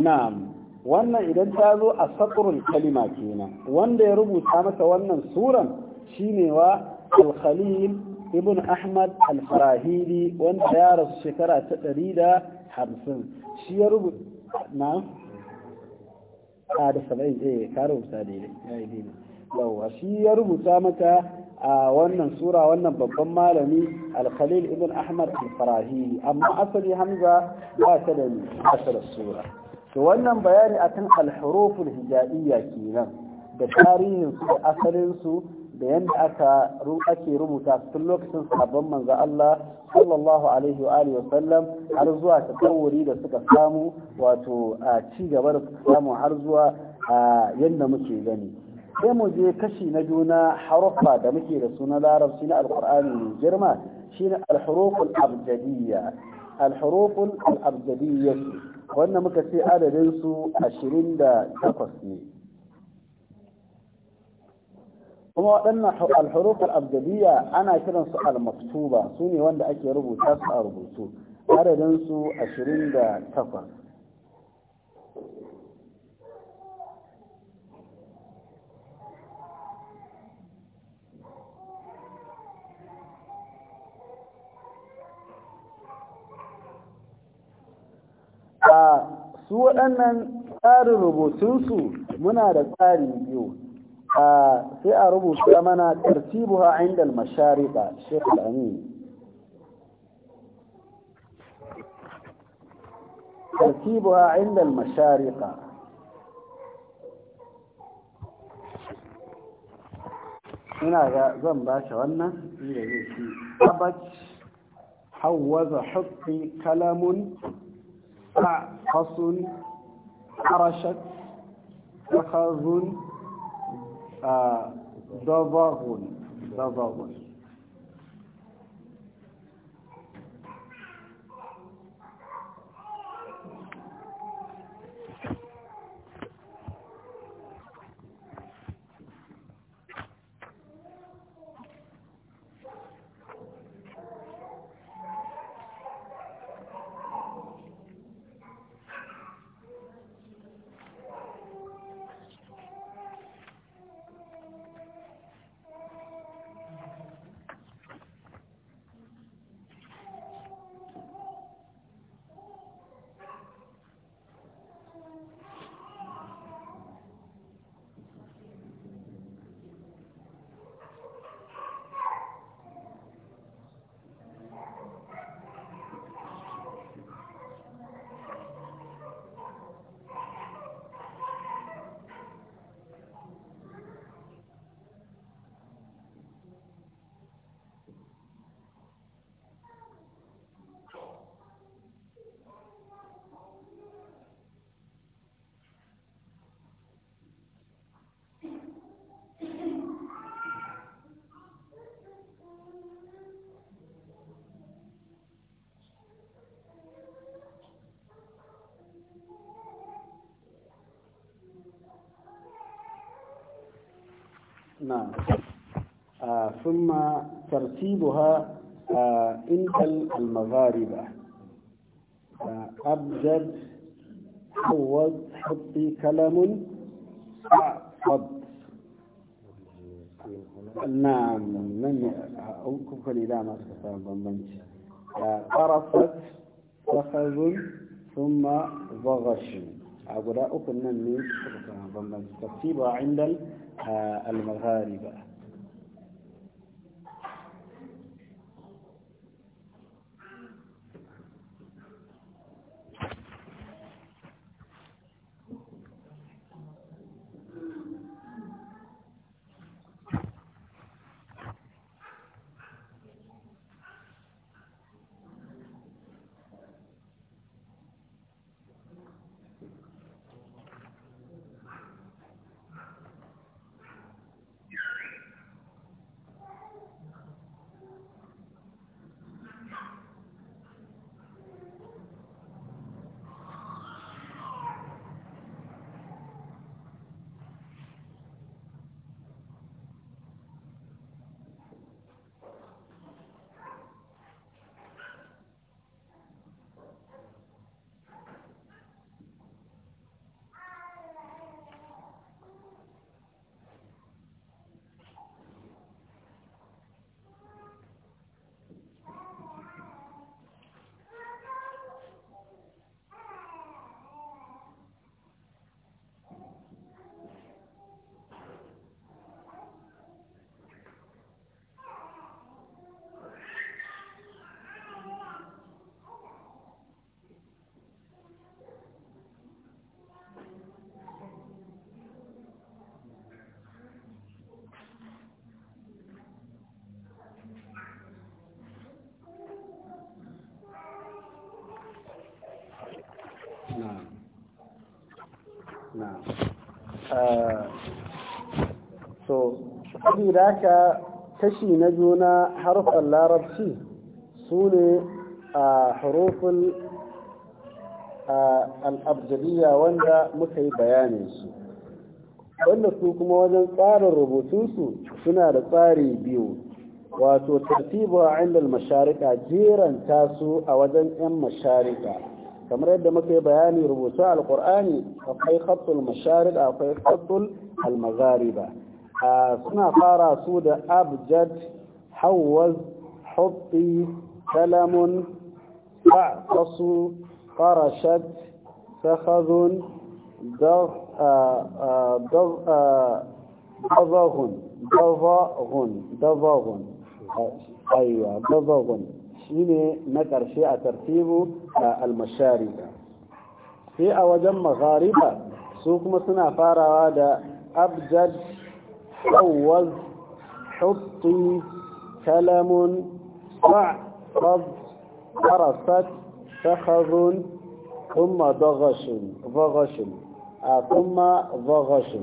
na'am wannan idan ta zo a saƙurul kalima kenan wanda ya rubuta mata wannan suran shine wa al-khalil ibn ahmad al-farahidi wanda ya rasu shekara ta ɗari da hamsin shi ya rubuta na a ah, da saba'in eh ka rubuta daidai ya yi shi ya rubuta maka a wannan sura wannan babban malami al-khalil ibn ahmad al-farahidi amma asali hamza ba ta da ni asalin sura to wannan bayani akan alhuruful huruful hijaiyya kenan da tarihin su da asalin su da yanda aka ake rubuta tun lokacin sabon manzo Allah sallallahu alaihi wa alihi wasallam har zuwa tasawuri da suka samu wato a ci gaba da suka samu har zuwa yanda muke gani sai mu je kashi na juna haruffa da muke da suna na larabci na alqur'ani mai girma shine alhuruful abjadiyya alhuruful abjadiyya wanda muka ce adadin su ashirin da takwas ne kuma waɗannan alhuruf al-abjadiyya ana su al-maktuba su ne wanda ake rubuta su a rubutu adadin su ashirin da takwas a su waɗannan tsarin rubutunsu muna da tsari biyu a sai a rubuta mana a inda al-mashariqa inda al ina ga zan ba shi wannan da shi kalamun قص حرشت سخذ آه، ضبغ ضبغ نعم آه ثم ترتيبها آه عند المغاربة آه أبجد حوض حطي كلم صعد نعم من أوكم كل إذا ما ضمنش قرصت صخز ثم ضغش أقول أكن من ترتيبها عند آه، المغاربة Ah. so saboda ka kashi na juna harfan larabci su ne a ah, harufin ah, al'abjadiyya wanda muka yi bayanin su wanda su kuma wajen tsarin rubutunsu suna da tsari biyu wato tartibu a inda masharika jeranta su a wajen 'yan masharika kamar yadda muka yi bayani rubutu alkur'ani akwai khattul masharid akwai khattul almazariba suna fara su da abjad hawaz hubbi kalamun fa'tasu farashat sakhadun davaghun davaghun davaghun aiwa davaghun شيني نكر شيء ترتيب المشارك في أوجم مغاربة سوق مصنع فارا وادا أبجد حوز حطي كلم صعفض قرصت فخذ ثم ضغش ضغش آه، ثم ضغش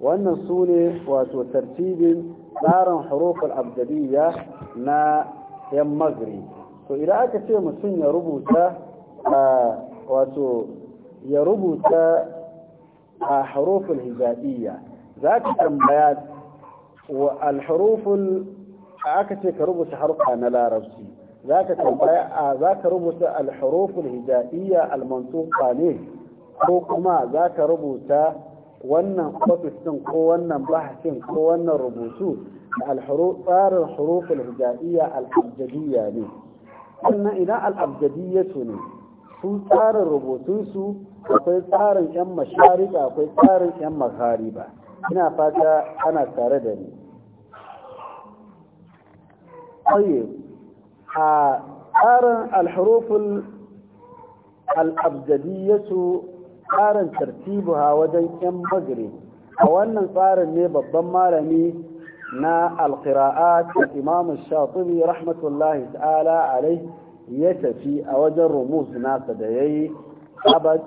وأن والنصول وترتيب دار حروف الأبجدية ما يمغري to idan aka ce mutum ya rubuta a wato ya rubuta a harufin hijabiyya za ka tambaya wa alharufin aka ce ka rubuta harfa na larabci za ka tambaya a za ka rubuta alharufin hijabiyya almantuka ne ko kuma za ka rubuta wannan ofis din ko wannan bahasin ko wannan rubutu da tsarin harufin hijabiyya al'abjadiyya ne sannan idan al'abdadiyatu ne su tsarin rubutunsu akwai tsarin 'yan masharika akwai tsarin 'yan makariba ina fata ana tare da ni a tsarin alhurufin al'abdadiyatu tsarin tartibuha wajen 'yan magre a wannan tsarin ne babban malami نا القراءات الإمام الشاطبي رحمة الله تعالى عليه يتفي أوجر رموز ناس ديي أبد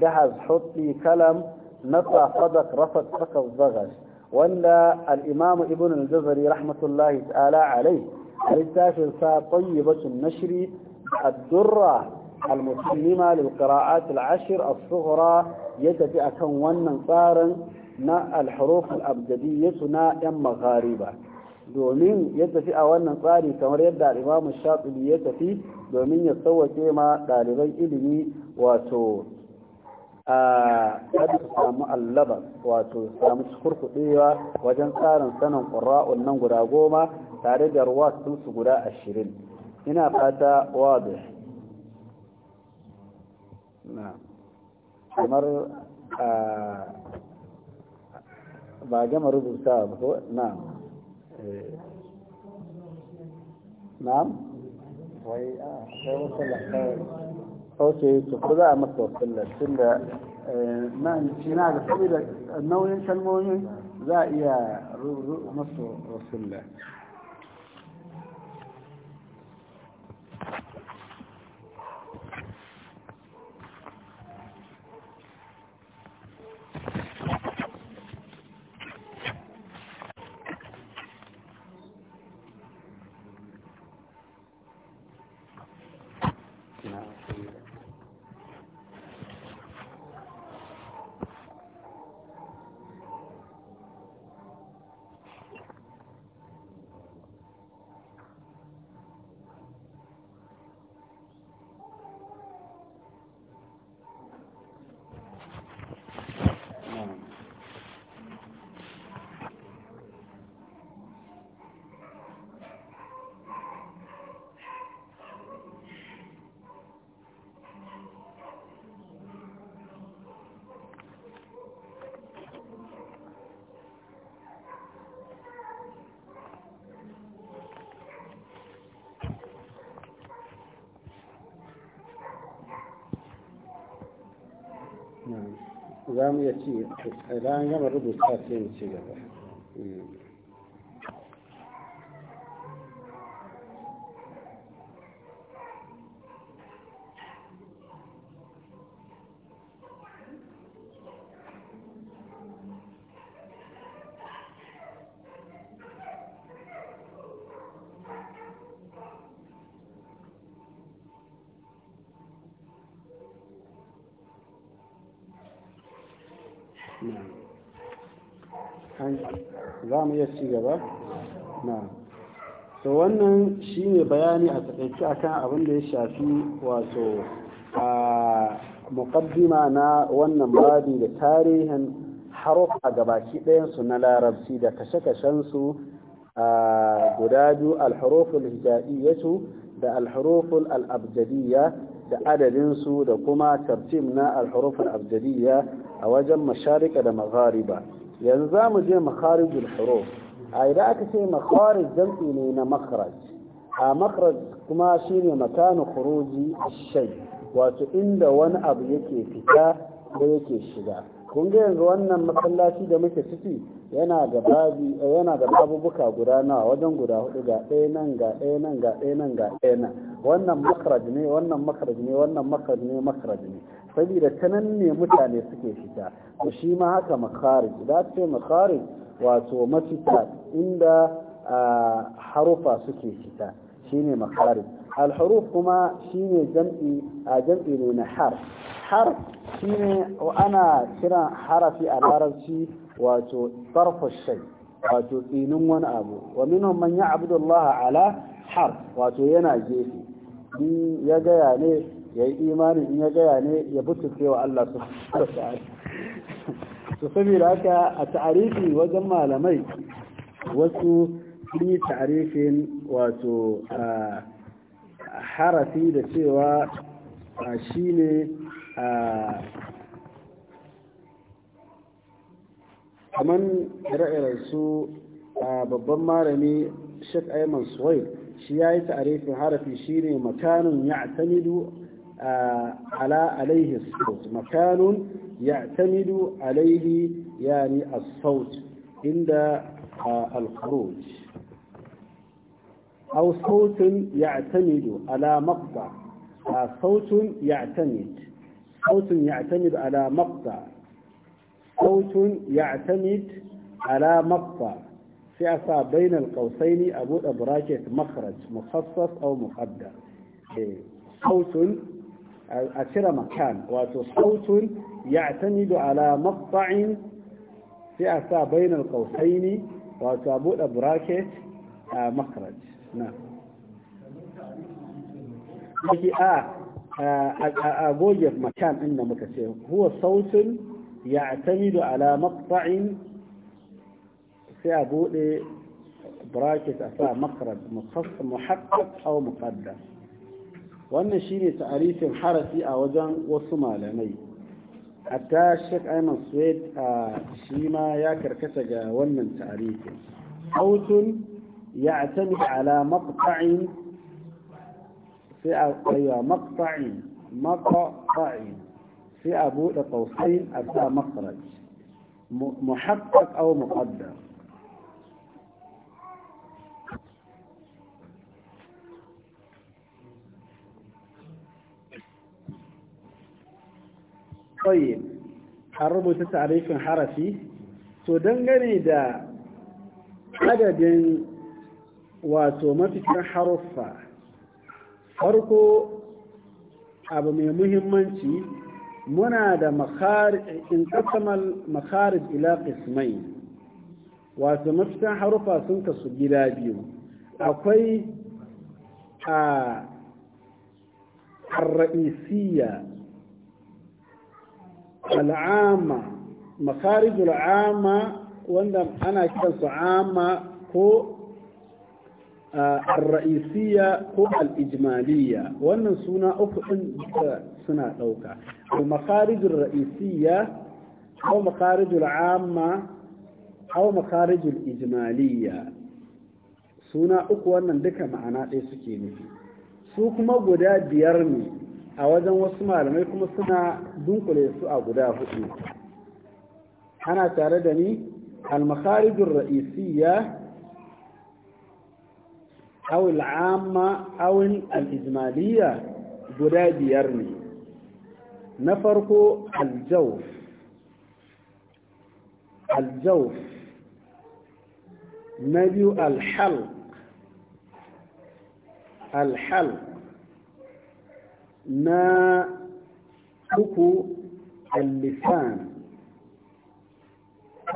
جهز حطي كلم نطع صدق رفض فقط ضغش وأن الإمام ابن الجزري رحمة الله تعالى عليه سا طيبة النشر الدرة المسلمة للقراءات العشر الصغرى يتفي أكون ونصارا na alhuruf huruf al yan maghariba domin ya tafi a wannan tsari kamar yadda al-imam shafi'i ya tafi domin ya tsawace ma ɗaliban ilimi wato a kada su samu allaba wato samu kurkuɗewa wajen tsarin sanin ƙura'un nan guda goma tare da ruwa sun su guda ashirin ina fata wadu kamar ba gama rubuta ba ko na'am na'am wai a sai wata lafiyar ok to ko za a masa wata lafiyar da eh, nan shi na da saboda nauyin kalmomin za a iya masu rasulullah za mu iya ci idan gama rubuta sai mu ci gaba mm. za mu iya ci gaba na to wannan shine bayani a takaice akan abin da ya shafi wato a mukaddima na wannan babi da tarihin a gabaki ɗayansu na larabci da kashe-kashensu a guda biyu alhuruful hijaiyatu da alhuruful al'abjadiyya da adadinsu da kuma tartim na alhuruful abjadiyya a wajen masharika da maghariba yanzu za mu je makharijul huruf a idan aka ce makharij jam'i ne na makharaj a makharaj kuma shi ne makanu khuruji shay wato inda wani abu yake fita ko yake shiga kun ga yanzu wannan masallaci da muke ciki yana da babi yana da babubuka guda nawa wajen guda hudu ga ɗaya nan ga ɗaya nan ga ɗaya nan ga ɗaya nan wannan makaraj ne wannan makaraj ne wannan makaraj ne makaraj ne saboda ta nan ne mutane suke fita to shi ma haka makarij da ce makarij wato mafita inda harufa suke fita shine makarij al-huruf kuma shine jam'i a jam'i ne na har har shine ana kiran harafi a larabci wato sarfa shai wato tsinin wani abu wa minhum man ya'budu Allah ala har wato yana gefe in ya gaya ne ya yi imani in ya gaya ne ya butu wa Allah su wa su sami saboda haka a ta'arifi wajen malamai wasu sun yi ta'arifin wato harafi da cewa shine kamar ire-iren su babban malami Sheikh Ayman Suwaid shi ya yi ta'arifin harafi shine makanun ya'tamidu ala alaihi saut makanun ya'tamidu alaihi ya ni a saut inda al-khuruj aw sautun ya'tamidu ala maqta sautun sautin sautun ya'tamidu ala maqta قوس يعتمد على مقطع سيأسى بين القوسين أبو براكة مخرج مخصص أو مقدر صوت أسر مكان وصوت يعتمد على مقطع سيأسى بين القوسين وأبو براكة مخرج نعم آه أقول مكان إن مكسير هو صوت يعتمد على مقطع سيبوء براكت أساء مقرب محقق أو مقدم وأن شيني تعريف حرسي أوجان وصمى لمي حتى الشيخ أيمن سويد شيما ياكر كتجا ومن تعريف صوت يعتمد على مقطع في أيوة مقطع مقطع في أبو لقوصين أبدا مخرج محقق أو مقدر طيب حربو تتعريف حرفي تدنغني دا عدد واتومتك حرفة فرقو أبو مهمانتي منا مخارج انقسم المخارج الى قسمين وسمفتح حروفا سنك سجلا بيو اقوي آه، الرئيسية العامة مخارج العامة وانا انا كنت عامة هو آه، الرئيسية هو الإجمالية وانا سنة اخوة suna ɗauka al-makarijin ra'isiyya au makarijin amma au makarijin ijmaliyya suna uku wannan duka ma'ana ɗaya suke nufi su kuma guda biyar ne a wajen wasu malamai kuma suna dunkule su a guda hudu ana tare da ni al-makarijin ra'isiyya أو العامة أو الإجمالية guda biyar ne نفرقوا الجوف الجوف نبي الحلق الحلق نا حكو اللسان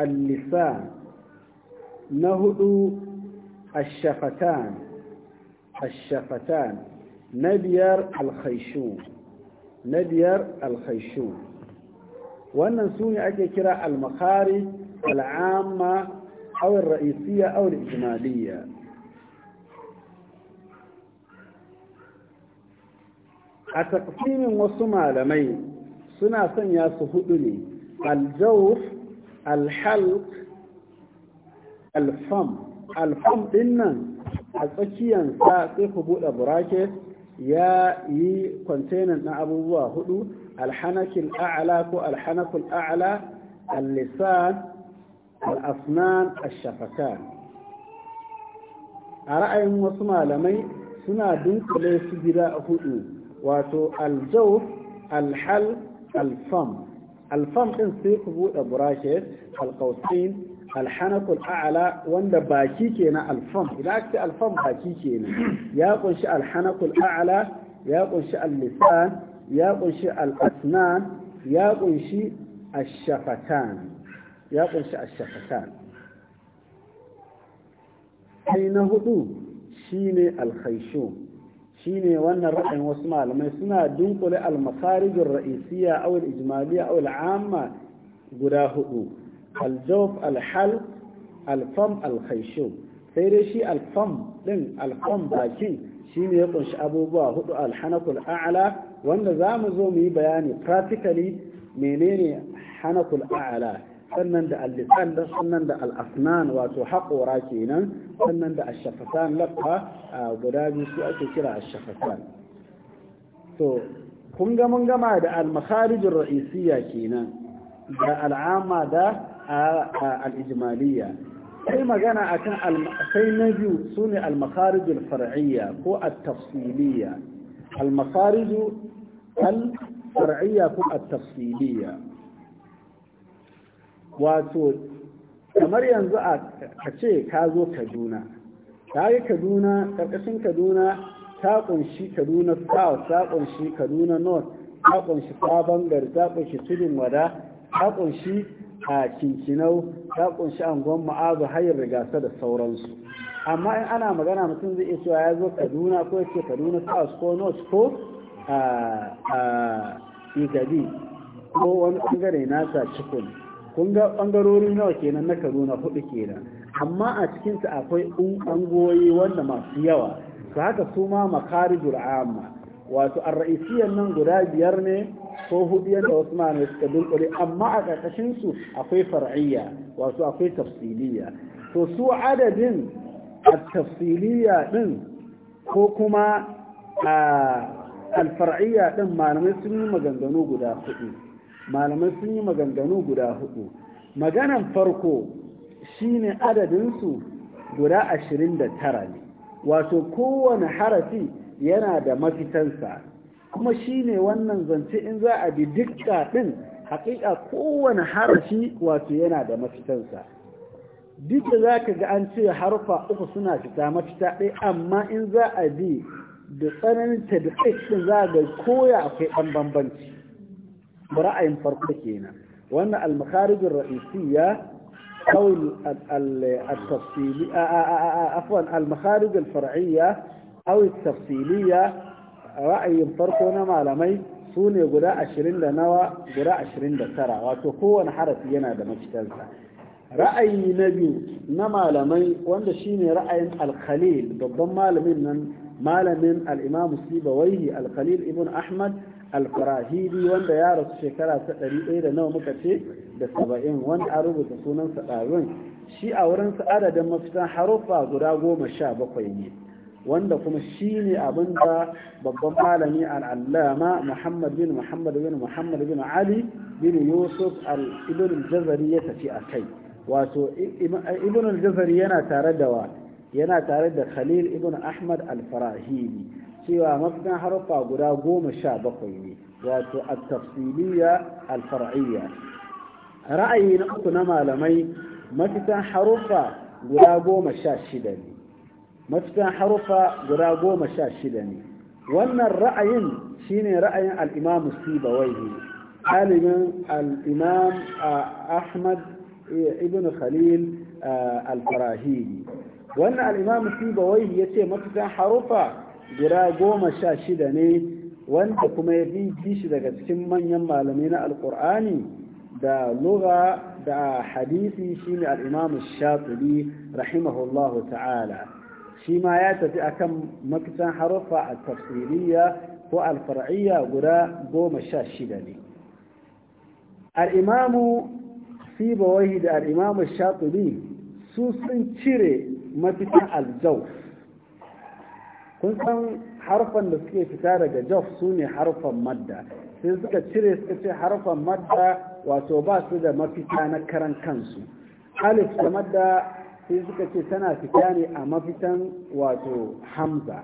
اللسان نهد الشفتان الشفتان نبير الخيشوم na biyar alkhaishu wannan su ne ake kira almakari al'amma awar ra'isiya awar ijimaliya a takfimin wasu malamai suna sanya su hudu ne aljawuf alhalk alfam alfam din a tsakiyansa sai ku buɗe bracket ya yi kwantenan na abubuwa hudu alhanakin a'ala ko alhanakul a'ala al-lisan al-asnan shafatan a ra'ayin wasu malamai suna dunkule su gida hudu wato aljau alhal alfam alfam din sai ku buɗe bracket alƙausin alhanakul a'ala wanda baki kenan alfam idan aka ce alfam baki kenan ya kunshi alhanakul a'ala ya kunshi al-lisan ya kunshi al-asnan ya kunshi ash-shafatan ya kunshi ash-shafatan sai na hudu shine al-khayshum shine wannan ra'ayin wasu malamai suna dunkule al-makharijur ra'isiyya aw al-ijmaliyya aw al-amma guda hudu aljawf alhal alfam alkhaishu sai dai shi alfam din alfam bakin shi ne ya kunshi abubuwa hudu alhanakul a'ala wanda za mu zo mu yi bayani practically menene hanakul a'ala sannan da al-lisan da sannan da al wato haƙora kenan sannan da ashafatan lafa a guda biyu su ake kira ashafatan to kun ga mun gama da al-makharijur ra'isiyya kenan da al'amada. da al-ijmaliyya sai magana akan sai na biyu sune al-makharij al ko at-tafsiliyya al al ko at wato kamar yanzu a ce ka zo Kaduna ta yi Kaduna ƙarƙashin Kaduna ta ƙunshi Kaduna South ta ƙunshi Kaduna North ta ƙunshi Sabon Gari ta ƙunshi Tudun Wada ta ƙunshi. a cincinau ta kunshi angon ma'azu hayar rigasa da sauransu amma in ana magana mutum zai iya cewa ya zo kaduna ko yake kaduna ta ko north ko a igabi ko wani bangare nasa cikin kun ga bangarori nawa kenan na kaduna hudu kenan amma a cikinsa akwai bangoyi wanda masu yawa su haka su ma makarijul amma wato a raisiyar nan guda biyar ne ko hudiyar yadda wasu malamai suka dunkule amma a ƙarƙashin akwai far'iyya wato akwai tafsiliya to su adadin a tafsiliya din ko kuma a alfar'iyya din malamai sun yi maganganu guda hudu malamai sun yi maganganu guda hudu maganan farko shine adadinsu guda ashirin da tara ne wato kowane harafi yana da mafitansa kuma shi ne wannan zance in za a bi dukka ɗin haƙiƙa kowane harashi wato yana da mafitansa duk za ka ga an ce harfa uku suna fita mafita ɗaya amma in za a bi da tsananin da ɗin za ga koya akwai ɗan bambanci ra'ayin farko kenan wannan al-makharijin ra'isiyya أو التفصيلي عفوا المخارج الفرعية awis tafsiliya ra'ayin farko na malamai su ne guda ashirin da tara wato kowane harafi yana da mafitarsa ra'ayi na biyu na malamai wanda shine ra'ayin alkhalil babban malamin nan malamin al'imamu sibawaihi alkhalil ibn ahmad alfarahidi wanda ya rasu shekara ta ɗari ɗaya da nawa muka ce da saba'in wanda an rubuta sunansa ɗarin shi a wurinsa adadin mafitan haruffa guda goma sha bakwai ne wanda kuma shi ne abin da babban malami al'allama muhammad bin muhammad bin muhammad bin ali bin yusuf al-ibn al-jazari ya tafi a kai wato ibn al-jazari yana tare da wa yana tare da khalil ibn ahmad al-farahili cewa mafitan harfa guda goma sha bakwai ne wato at-tafsiliya al-far'iyya ra'ayi na uku na malamai mafitan harfa guda goma sha shida ne matukan harufa guda goma sha shida ne wannan ra'ayin shine ra'ayin al'imam sibawaihi ɗalibin al'imam ahmad ibn khalil al-farahili wannan al'imam sibawaihi ya ce matukan harufa guda goma sha shida ne wanda kuma ya bi shi daga cikin manyan malamai na alkur'ani da luga da hadisi shine al'imam shatubi rahimahullahu ta'ala shi ma ya tafi a kan mafitan harufa a tafsiriyya ko alfar'iyya guda goma sha shida ne al'imamu sibawahi da al'imamu shatubi su sun cire mafitan aljauf kun san harfan da suke fita daga Jof su ne harfan madda sai suka cire suka ce harfan madda wato ba su da mafita na karan kansu alif da madda sai suka ce tana fita ne a mafitan wato hamza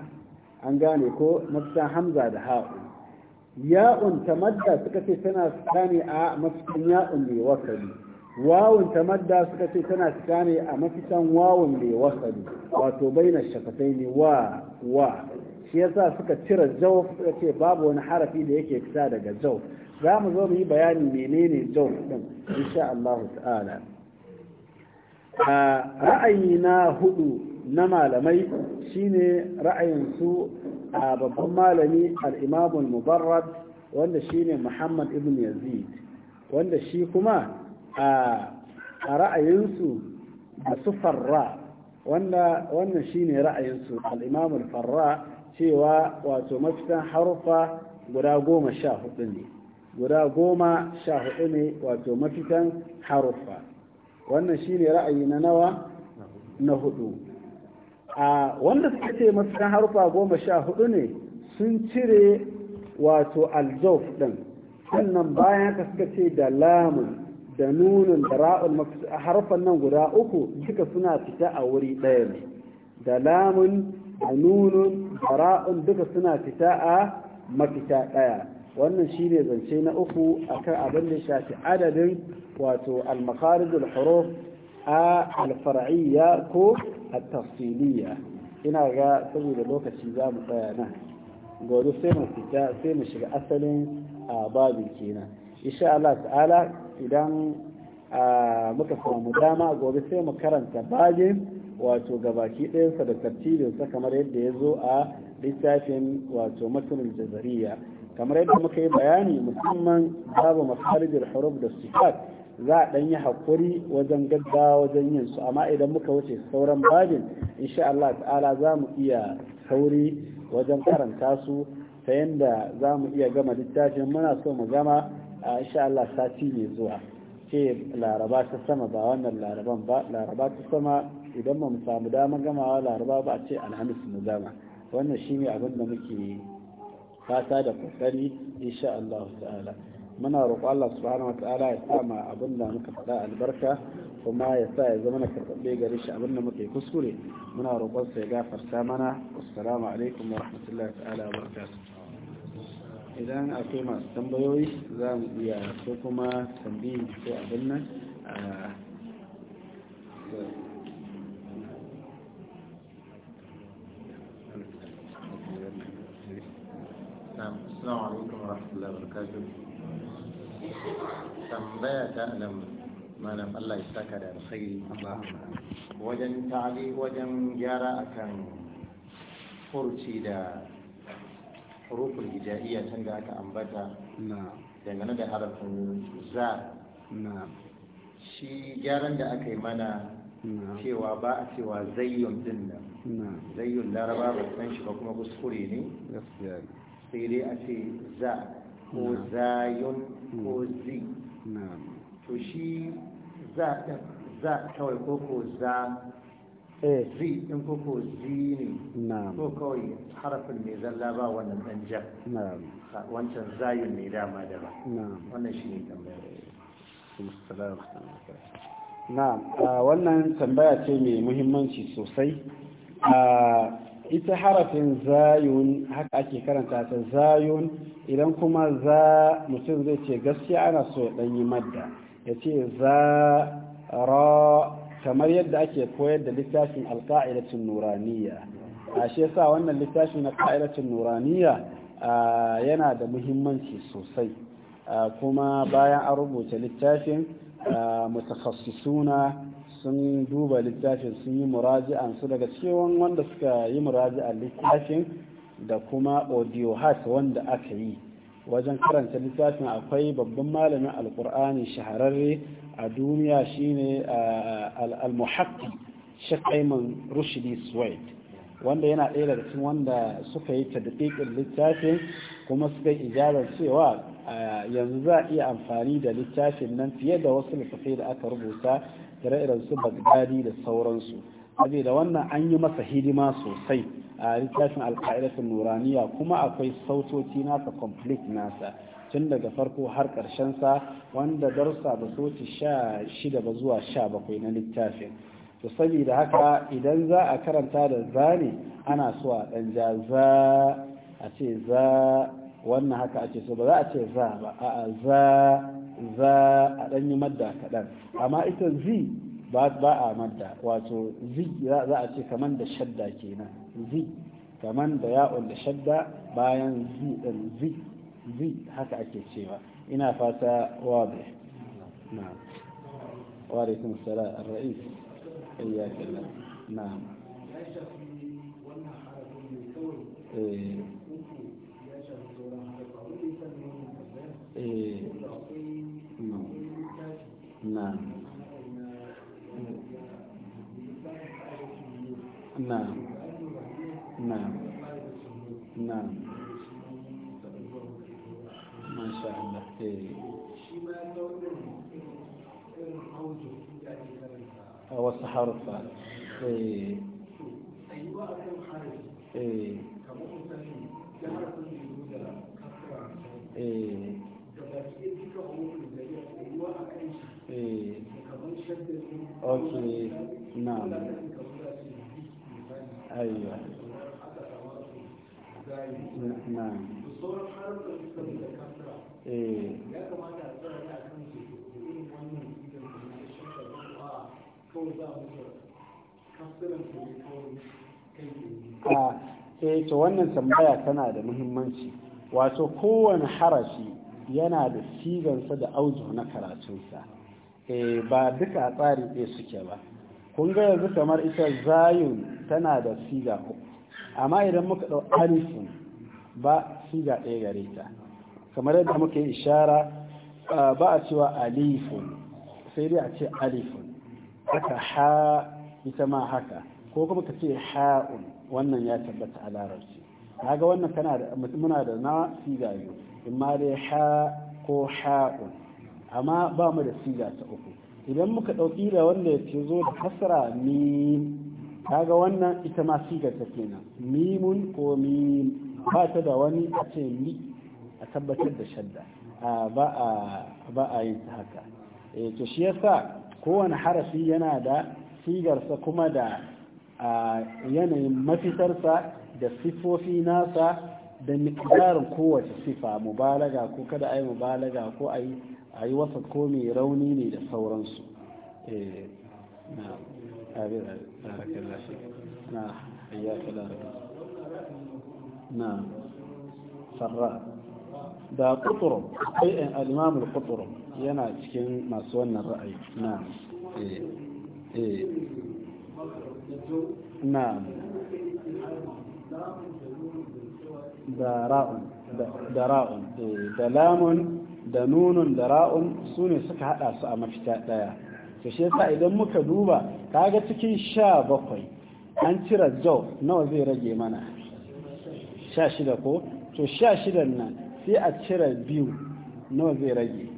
an gane ko mafitan hamza da ha'u ya'un tamadda suka ce tana fita ne a mafitan ya'un mai wasali wawun tamadda suka ce tana fita ne a mafitan wawun mai wasali wato baina shafatai ne wa wa shi yasa suka cire jau suka ce babu wani harafi da yake fita daga jau? za mu zo mu yi bayani menene jau? din insha Allah ta'ala a ra'ayi na hudu na malamai shine ra'ayinsu a babban malami al'imamul mubarrad wanda shine muhammad ibn yazid wanda shi kuma a ra'ayinsu da su farra wannan shine ra'ayinsu al'imamul farra cewa wato mafitan harufa guda goma sha hudu ne guda goma ne wato mafitan harufa wannan shi ne ra'ayi na nawa na hudu a wanda suka ce masukan harfa goma sha hudu ne sun cire wato aljof ɗin. sannan bayan haka suka ce da lamun da nunin da ra'ul harfan nan guda uku duka suna fita a wuri ɗaya ne da lamun da nunin da ra'un duka suna fita a mafita ɗaya wannan shi ne zance na uku akan abin da shafi adadin wato al huruf a al ko a tafsiliya ina ga saboda lokaci za mu tsaya nan gobe sai mu fita sai mu shiga asalin babu kenan isha Allah ta'ala idan muka samu dama gobe sai mu karanta babin wato gabaki ɗayansa da tartibinsa kamar yadda ya zo a littafin wato matanin jazariya kamar yadda muka yi bayani musamman babu masalidar harub da sifat za a ɗanyi haƙuri wajen gadda wajen yin su amma idan muka wuce sauran babin insha Allah ta'ala za mu iya sauri wajen karanta su ta yadda za mu iya gama littafin muna so mu gama a insha Allah sati mai zuwa ce laraba ta sama ba wannan laraban ba laraba ta sama idan ba mu samu dama gamawa laraba ba a ce alhamis mu gama wannan shine abin da muke fata da kokari insha Allah ta'ala muna roƙo Allah subhanahu wataala ya sa ma abin da muka faɗa albarka kuma ya sa ya zama na karɓaɓɓe gare shi abin da muka yi kuskure muna roƙon sa ya gafarta mana assalamu alaikum wa rahmatullahi ta'ala wa barakatuh idan akwai masu tambayoyi za mu iya ko kuma tambayi ko abin nan a ah, tambaya ta malam Allah ya saka da wajen ta'ali wajen gyara akan furci da huruful hijaiya can da aka ambata dangane da harafin za shi gyaran da aka yi mana cewa ba a cewa zayyun din nan zayyun laraba ba san shi ba kuma kuskure ne sai dai a ce za ko zayon ko hmm. zi to shi za kawai ko ko za eh. zi in ko ko zi ne ko kawai harafin mai zalla ba wannan dan ja wancan zayon ne dama da ba wannan shi ne tambayar na ah, wannan tambaya ce mai muhimmanci sosai ah, ita harafin zayun haka ake karanta ta zayun idan kuma za mutum zai ce gaskiya ana so ya ɗanyi madda ya ce za ra kamar yadda ake koyar da littafin alka'idacin nuraniya a shi yasa wannan littafin na ka'idatun nuraniya yana da muhimmanci sosai kuma bayan an rubuta littafin suna. sun duba littafin sun yi muraji'ansu su daga cewon wanda suka yi muraji'an littafin da kuma audio hat wanda aka yi wajen karanta littafin akwai babban malamin alkur'ani shahararre a duniya shine eh, al-muhaqqi Ayman rushdi suwaid wanda yana ɗaya daga cikin wanda suka yi tadqiqin littafin kuma suka yi ijabar cewa eh, yanzu za a iya amfani da littafin nan fiye da wasu littafai da aka rubuta ire-iren su bagdadi da sauransu saboda wannan an yi masa hidima sosai a littafin alƙa'idatun nuraniya kuma akwai sautoci nasa complete nasa tun daga farko har sa wanda darsa ba soci sha shida ba zuwa sha bakwai na littafin to saboda haka idan za a karanta da zane ana so a ɗan ja za a ce za wannan haka ake so ba za a ce za ba a'a za za a ɗan yi madda kaɗan amma ita zi ba a madda wato zi za a ce kaman da shadda kenan zi kaman da ya'un da shadda bayan zi ɗin zi zi haka ake cewa ina fata wabe na warikun sara ra'is iyakin na eh, eh. نعم نعم نعم نعم ما شاء الله هو الصحراء الثالث ايه ايه ايه Eh. ok na na eh. ah, eh, wannan tambaya tana da muhimmanci wato kowane harashi yana da sigansa da Audu na karatunsa Eh, ba duka tsari ɗaya suke ba kun ga yanzu kamar ita zayun tana da siga uku amma idan muka ɗau alifin ba siga ɗaya gare ta kamar yadda muka yi ishara ba a cewa alifu sai dai a ce alifun haka ha ita ma haka ko kuma ka ce ha'un wannan ya tabbata a larabci ga wannan kana da muna da na siga biyu ma dai ha ko ha'un amma ba mu da siga ta uku idan muka ɗauki da wanda ya ce zo da kasra mim kaga wannan ita ma siga ta kenan mimun ko mim ba ta da wani a ce mi a tabbatar da shadda ba a yin ta haka eh, to shi yasa kowane harafi yana da sigarsa kuma da yanayin mafitarsa da sifofi nasa da miƙdarin kowace sifa mubalaga ko kada a yi mubalaga ko a yi a yi wasa ko mai rauni ne da sauransu na abin tsarakin lafi na ayyaka larabin na sarra da kuturum akwai al'imamul kuturum yana cikin masu wannan ra'ayi na na da ra'un da ra'un da lamun da nunun da ra'un su ne suka haɗa su a mafita ɗaya to shi yasa idan muka duba kaga cikin sha bakwai an cire jau nawa zai rage mana sha shida ko to sha shidan nan sai a cire biyu nawa zai rage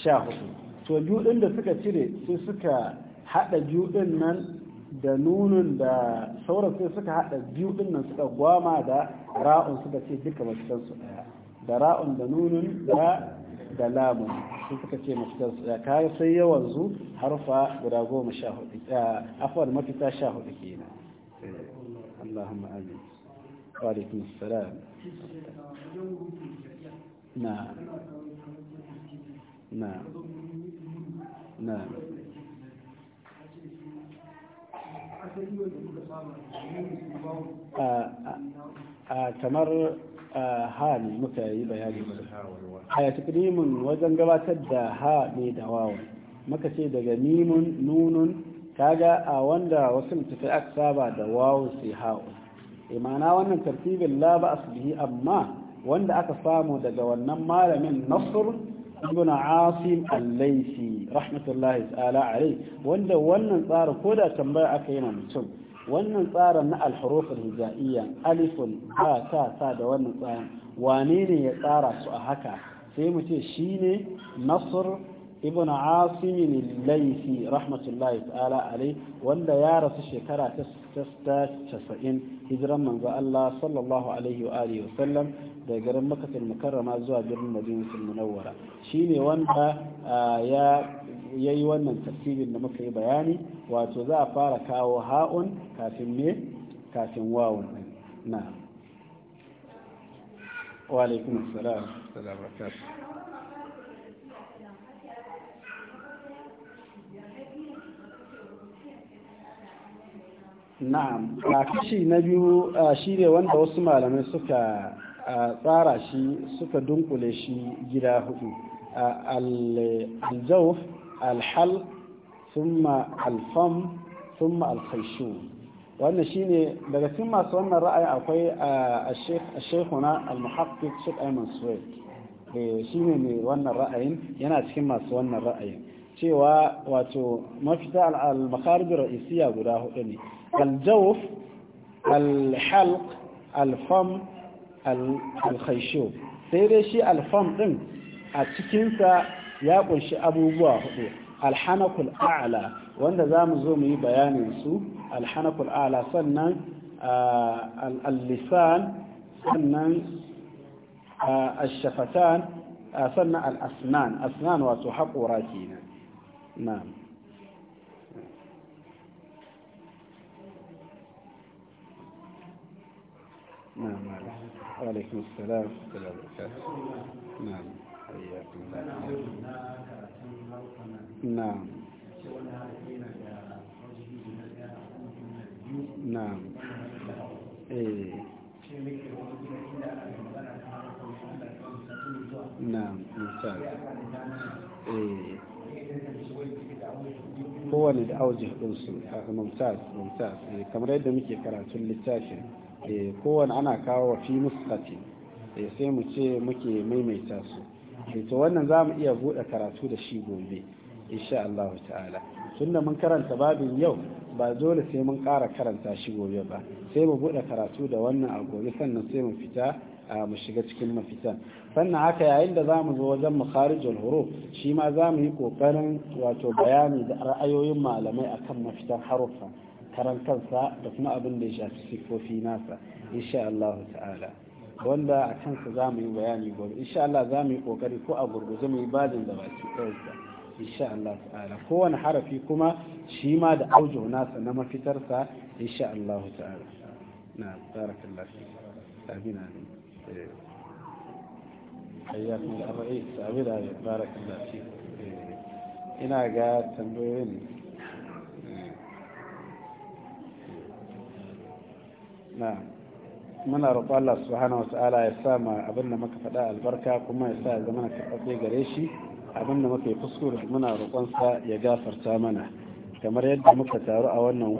sha hudu to juɗin da suka cire sai suka haɗa juɗin nan da nunun da sauran sai suka haɗa biyu ɗin nan suka gwama da ra'un suka ce duka bakitansu ɗaya da ra'un da nunin da da lamun sun suka ce mafitarsu da kayi sai yawan zu harfa guda goma sha hudu eh, afuwar mafita sha hudu ke Allahumma amin salam na na na a kamar hali muka yi bayani haya takrimin wajen gabatar da ha ne da wawa muka ce daga mimun nunun kaga a wanda wasu littafi aka saba da wawu sai ha'u imana eh, wannan tartibin la ba asbihi amma wanda aka samu daga wannan malamin nasr ibn asim al-laisi rahmatullahi ta'ala alai wanda wannan tsarin koda tambaya aka yi na mutum wannan tsarin na alhurufin hija'iyya alifun ba ta sa da wannan tsarin wane ne ya tsara su a haka sai mu ce shi ne nasr ibn asim laifi rahmatullahi ta'ala alai wanda ya rasu shekara ta casa'in hijiran manzo Allah sallallahu alaihi wa alihi wa sallam daga garin makatul mukarrama zuwa birnin madinatul munawwara shine wanda ah, ya ya yi wannan tafsirin da muka yi bayani wato za a fara kawo ha'un kafin ne kafin wawun na walaikun salam na'am a kashi na biyu a ne wanda wasu malamai suka tsara shi suka dunkule shi gida hudu الجوف alhal summa alfam summa alkhaishu wannan shine daga cikin masu wannan ra'ayi akwai a shekuna al-muhaqqiq Ayman Suwaid shine mai wannan ra'ayin yana cikin masu wannan ra'ayin cewa wato mafita al-makharij ra'isiyya guda hudu ne al-jawf al-halq al-fam al-khayshu sai dai shi al-fam din a cikinsa ya kunshi abubuwa hudu alhanakul a'la wanda za mu zo mu yi bayanin su alhanakul a'la sannan al-lisan sannan الشفتان سنة الأسنان أسنان وتحق راكينا نعم نعم عليكم السلام ورحمة الله وبركاته نعم Eh. Eh. kowane da aujih ɗinsu mumtaz mumtaz eh, kamar yadda muke karatun littafin kowane ana kawo wa fi muskati sai mu ce muke maimaita su Eh, to wannan za mu iya buɗe karatu da shi gobe insha Allah ta'ala tunda mun karanta babin yau ba dole sai mun ƙara karanta shi gobe ba sai mu buɗe karatu da wannan a gobe sannan sai mu fita a mu shiga cikin mafitan sannan haka yayin da za mu zo wajen makharijul huruf shi ma zamu yi kokarin wato bayani da ra'ayoyin malamai akan mafitan harufa karantarsa da kuma abin da ya shafi sifofi nasa insha Allah ta'ala wanda a kansa za mu yi bayani gobe insha Allah za mu yi kokari ko a gurguje mu yi bajin da baki ɗayarsa insha Allah ta'ala kowane harafi kuma shi ma da aujo nasa na mafitarsa insha Allah ta'ala na barakallahu sabina ne eh. hayyakum al-arba'i eh, sabira barakallahu fi eh. ina ga tambayoyin na'am muna roƙo Allah subhanahu wata'ala ya sa ma abin da muka faɗa albarka kuma ya sa ya zama karɓaɓɓe gare shi abin da muka yi kuskure muna roƙonsa ya gafarta mana kamar yadda muka taru a wannan